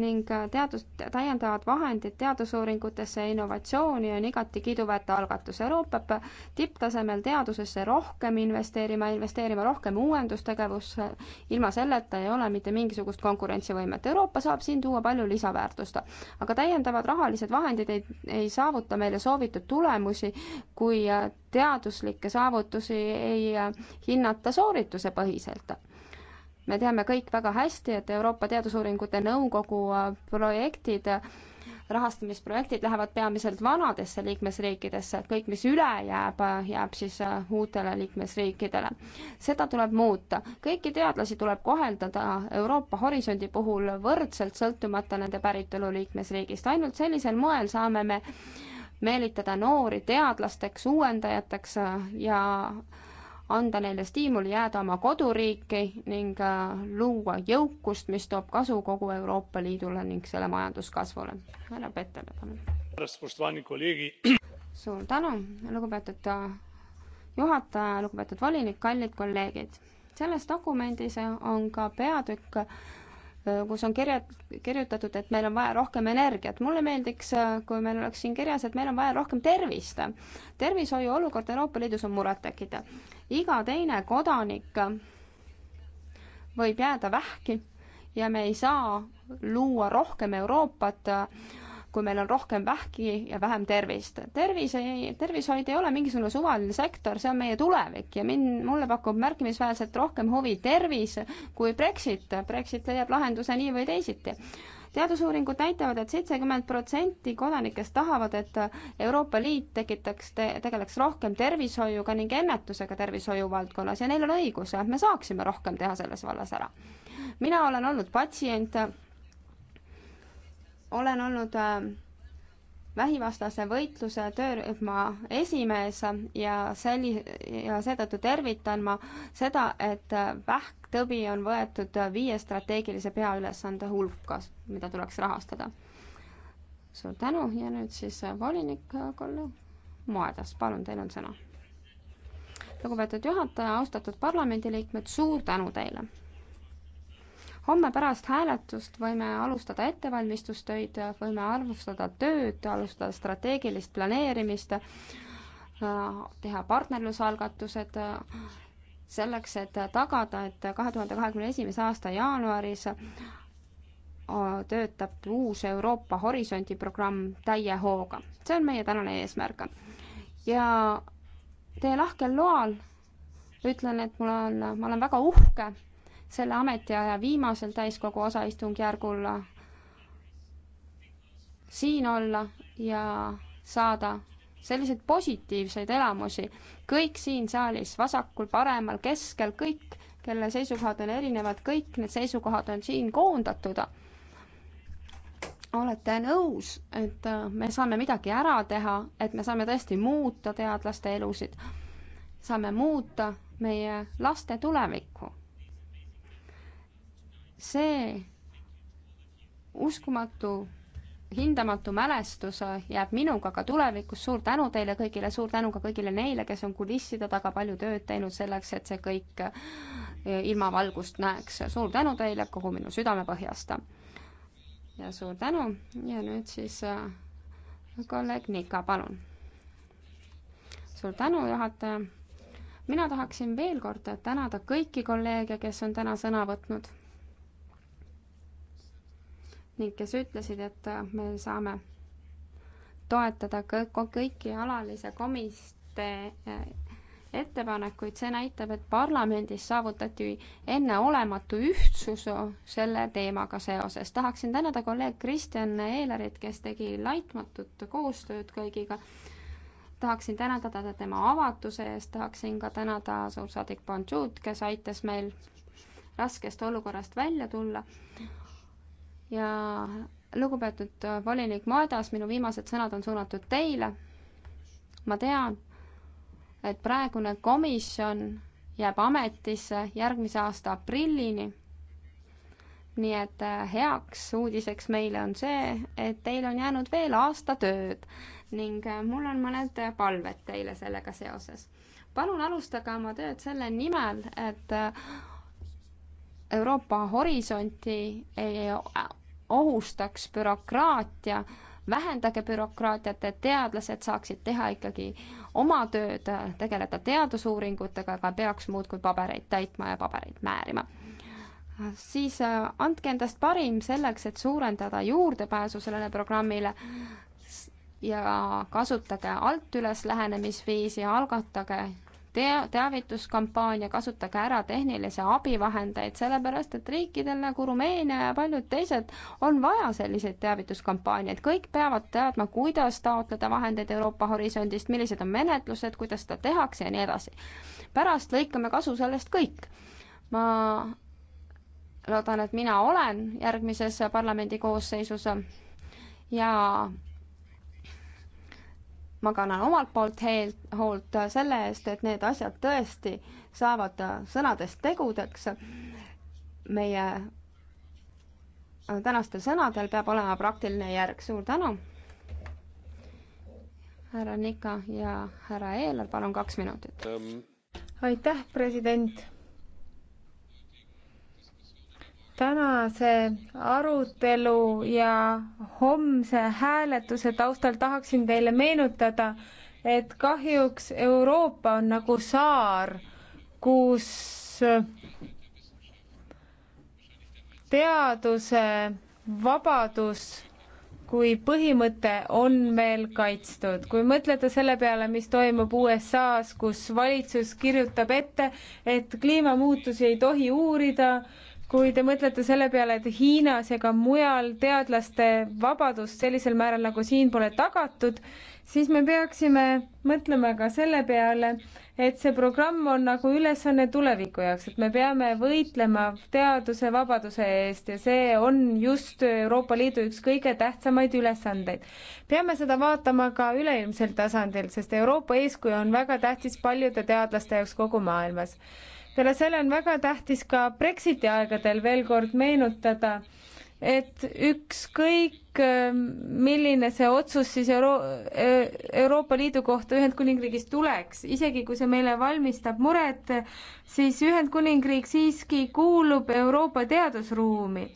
ning äh, teadus, täiendavad vahendid teadusuuringutesse ja innovatsiooni on igati kiiduväärt algatus. Euroopa peab tipptasemel teadusesse rohkem investeerima, investeerima rohkem uuendustegevusse, ilma selleta ei ole mitte mingisugust konkurentsivõimet. Euroopa saab siin tuua palju lisaväärtust, aga täiendavad rahalised vahendid ei, ei saavuta meile soovitud tulemusi, kui äh, teaduslikke saavutusi ei äh, hinnata soorituse põhiselt me teame kõik väga hästi, et Euroopa Teadusuuringute Nõukogu äh, projektid, äh, rahastamisprojektid lähevad peamiselt vanadesse liikmesriikidesse, et kõik, mis üle jääb, äh, jääb siis uutele liikmesriikidele. seda tuleb muuta. kõiki teadlasi tuleb koheldada Euroopa Horisondi puhul võrdselt, sõltumata nende päritolu liikmesriigist. ainult sellisel moel saame me meelitada noori teadlasteks, uuendajateks ja anda neile stiimuli jääda oma koduriiki ning äh, luua jõukust, mis toob kasu kogu Euroopa Liidule ning selle majanduskasvule. härra Peterle, palun. suur tänu, lugupeetud äh, juhataja, lugupeetud volinik, kallid kolleegid. selles dokumendis on ka peatükk, äh, kus on kirja, kirjutatud, et meil on vaja rohkem energiat. mulle meeldiks, kui meil oleks siin kirjas, et meil on vaja rohkem tervist. tervishoiu olukord Euroopa Liidus on murettekitav iga teine kodanik võib jääda vähki ja me ei saa luua rohkem Euroopat, kui meil on rohkem vähki ja vähem tervist. tervis ei, tervishoid ei ole mingisugune suvaline sektor, see on meie tulevik ja mind, mulle pakub märkimisväärselt rohkem huvi tervis kui Brexit. Brexit leiab lahenduse nii või teisiti teadusuuringud näitavad et, et seitsekümmend protsenti kodanikest tahavad, et Euroopa Liit tekitaks te,, tegeleks rohkem tervishoiuga ning ennetusega tervishoiu valdkonnas ja neil on õigus, me saaksime rohkem teha selles vallas ära. mina olen olnud patsient, olen olnud äh, vähivastase võitluse töörühma esimees ja selli- ja seetõttu tervitan ma seda, et vähktõbi on võetud viie strateegilise peaülesande hulka, mida tuleks rahastada. suur tänu ja nüüd siis volinik Kalle Moedas, palun, teil on sõna. lugupeetud juhataja, austatud parlamendiliikmed, suur tänu teile homme pärast hääletust võime alustada ettevalmistustöid, võime alustada tööd, alustada strateegilist planeerimist, teha partnerlusalgatused selleks, et tagada, et kahe tuhande kahekümne esimese aasta jaanuaris töötab uus Euroopa Horisondi programm täie hooga. see on meie tänane eesmärk. ja teie lahkel loal ütlen, et mul on, ma olen väga uhke selle ametiaja viimasel täiskogu osaistungjärgul siin olla ja saada selliseid positiivseid elamusi. kõik siin saalis, vasakul, paremal, keskel, kõik, kelle seisukohad on erinevad, kõik need seisukohad on siin koondatud. olete nõus, et me saame midagi ära teha, et me saame tõesti muuta teadlaste elusid, saame muuta meie laste tulevikku see uskumatu hindamatu mälestus jääb minuga ka tulevikus, suur tänu teile kõigile, suur tänu ka kõigile neile, kes on kulisside taga palju tööd teinud selleks, et see kõik eh, ilmavalgust näeks. suur tänu teile kogu minu südamepõhjast. ja suur tänu ja nüüd siis eh, kolleeg Nika, palun. suur tänu, juhataja. mina tahaksin veel kord tänada kõiki kolleege, kes on täna sõna võtnud ning kes ütlesid, et äh, me saame toetada kõiki alalise komistee äh, ettepanekuid, see näitab, et parlamendis saavutati enneolematu ühtsus selle teemaga seoses. tahaksin tänada kolleeg Kristjan Eelerit, kes tegi laitmatut koostööd kõigiga. tahaksin tänada teda tema avatuse eest, tahaksin ka tänada suursaadik Bonjour, kes aitas meil raskest olukorrast välja tulla ja lugupeetud äh, volinik Maedas, minu viimased sõnad on suunatud teile. ma tean, et praegune komisjon jääb ametisse järgmise aasta aprillini. nii et äh, heaks uudiseks meile on see, et teil on jäänud veel aasta tööd ning äh, mul on mõned palved teile sellega seoses. palun alustage oma tööd selle nimel, et Euroopa horisonti ei ohustaks bürokraatia, vähendage bürokraatiat, et teadlased saaksid teha ikkagi oma tööd, tegeleda teadusuuringutega, aga peaks muudkui pabereid täitma ja pabereid määrima. siis äh, andke endast parim selleks, et suurendada juurdepääsu sellele programmile ja kasutage alt üles lähenemisviisi, algatage tea-, teavituskampaania, kasutage ära tehnilisi abivahendeid, sellepärast et riikidel nagu Rumeenia ja paljud teised on vaja selliseid teavituskampaaniaid, kõik peavad teadma, kuidas taotleda vahendeid Euroopa Horisondist, millised on menetlused, kuidas seda tehakse ja nii edasi. pärast lõikame kasu sellest kõik. ma loodan, et mina olen järgmises parlamendi koosseisus ja ma kannan omalt poolt heel, hoolt selle eest, et need asjad tõesti saavad sõnadest tegudeks. meie tänastel sõnadel peab olema praktiline järg, suur tänu. härra Nika ja härra Eeler, palun kaks minutit um.... aitäh, president tänase arutelu ja homse hääletuse taustal tahaksin teile meenutada, et kahjuks Euroopa on nagu saar, kus teaduse vabadus kui põhimõte on meil kaitstud. kui mõtlete selle peale, mis toimub USA-s, kus valitsus kirjutab ette, et kliimamuutusi ei tohi uurida, kui te mõtlete selle peale, et Hiinas ega mujal teadlaste vabadust sellisel määral nagu siin pole tagatud, siis me peaksime mõtlema ka selle peale, et see programm on nagu ülesanne tuleviku jaoks, et me peame võitlema teaduse vabaduse eest ja see on just Euroopa Liidu üks kõige tähtsamaid ülesandeid. peame seda vaatama ka üleilmsel tasandil, sest Euroopa eeskuju on väga tähtis paljude teadlaste jaoks kogu maailmas peale selle on väga tähtis ka Brexiti aegadel veel kord meenutada, et ükskõik, ähm, milline see otsus siis Euro-, Euroopa Liidu kohta Ühendkuningriigis tuleks, isegi kui see meile valmistab muret, siis Ühendkuningriik siiski kuulub Euroopa teadusruumi.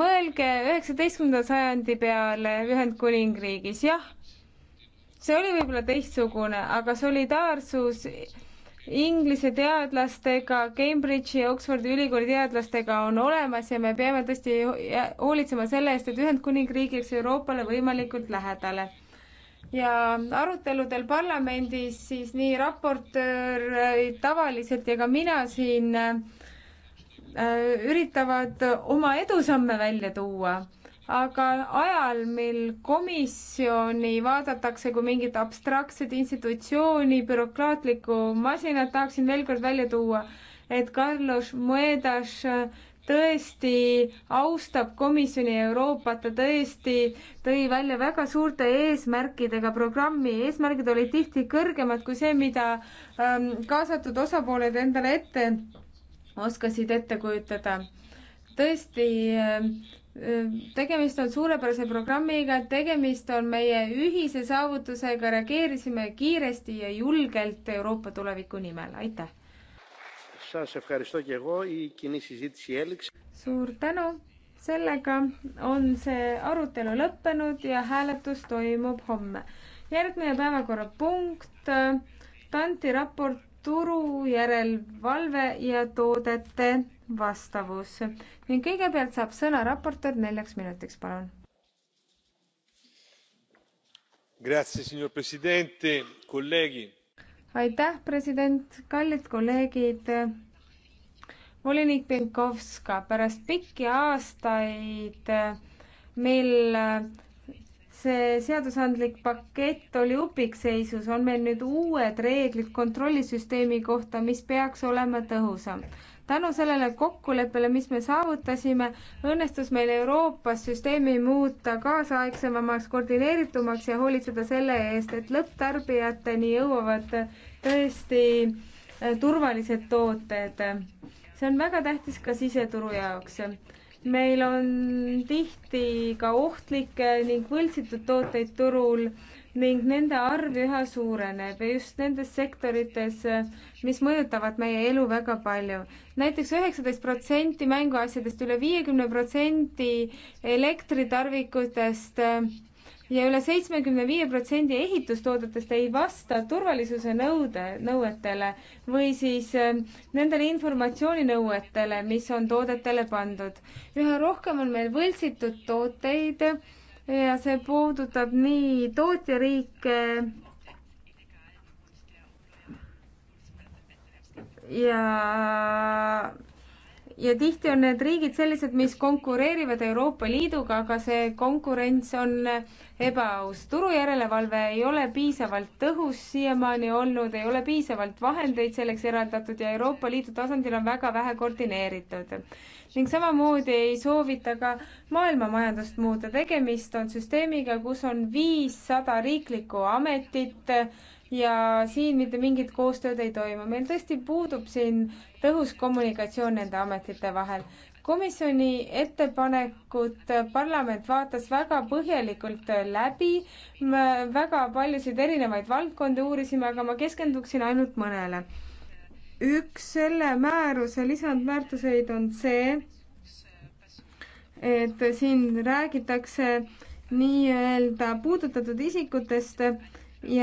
mõelge üheksateistkümnenda sajandi peale Ühendkuningriigis, jah, see oli võib-olla teistsugune, aga solidaarsus Inglise teadlastega, Cambridge'i ja Oxfordi ülikooli teadlastega on olemas ja me peame tõesti hoolitsema selle eest, et Ühendkuningriik jääks Euroopale võimalikult lähedale. ja aruteludel parlamendis siis nii raportöör tavaliselt ja ka mina siin äh, üritavad oma edusamme välja tuua aga ajal, mil komisjoni vaadatakse kui mingit abstraktset institutsiooni, bürokraatlikku masinat, tahaksin veel kord välja tuua, et Carlos Muedas tõesti austab komisjoni Euroopat, ta tõesti tõi välja väga suurte eesmärkidega programmi, eesmärgid olid tihti kõrgemad kui see, mida ähm, kaasatud osapooled endale ette oskasid ette kujutada. tõesti ähm, tegemist on suurepärase programmiga, tegemist on meie ühise saavutusega, reageerisime kiiresti ja julgelt Euroopa tuleviku nimel, aitäh! suur tänu, sellega on see arutelu lõppenud ja hääletus toimub homme. järgmine päevakorrapunkt, TANT-i raport turu järelevalve ja toodete vastavus ning kõigepealt saab sõna raportöör neljaks minutiks, palun. aitäh, president, kallid kolleegid. volinik Pinkovska, pärast pikki aastaid meil see seadusandlik pakett oli upikseisus, on meil nüüd uued reeglid kontrollisüsteemi kohta, mis peaks olema tõhusam tänu sellele kokkuleppele, mis me saavutasime, õnnestus meil Euroopas süsteemi muuta kaasaegsemamaks, koordineeritumaks ja hoolitseda selle eest, et lõpptarbijateni jõuavad tõesti äh, turvalised tooted. see on väga tähtis ka siseturu jaoks meil on tihti ka ohtlikke ning võltsitud tooteid turul ning nende arv üha suureneb ja just nendes sektorites, mis mõjutavad meie elu väga palju näiteks. näiteks üheksateist protsenti mänguasjadest, üle viiekümne protsendi elektritarvikutest ja üle seitsmekümne viie protsendi ehitustoodetest ei vasta turvalisuse nõude, nõuetele või siis ähm, nendele informatsiooninõuetele, mis on toodetele pandud. üha rohkem on meil võltsitud tooteid ja see puudutab nii tootjariike ja ja tihti on need riigid sellised, mis konkureerivad Euroopa Liiduga, aga see konkurents on ebaaus. turujärelevalve ei ole piisavalt tõhus siiamaani olnud, ei ole piisavalt vahendeid selleks eraldatud ja Euroopa Liidu tasandil on väga vähe koordineeritud ning samamoodi ei soovita ka maailmamajandust muuta. tegemist on süsteemiga, kus on viissada riiklikku ametit ja siin mitte mingit koostööd ei toimu. meil tõesti puudub siin tõhus kommunikatsioon nende ametite vahel komisjoni ettepanekut parlament vaatas väga põhjalikult läbi, väga paljusid erinevaid valdkondi uurisime, aga ma keskenduksin ainult mõnele üks selle määruse lisandväärtuseid on see, et siin räägitakse nii-öelda puudutatud isikutest ja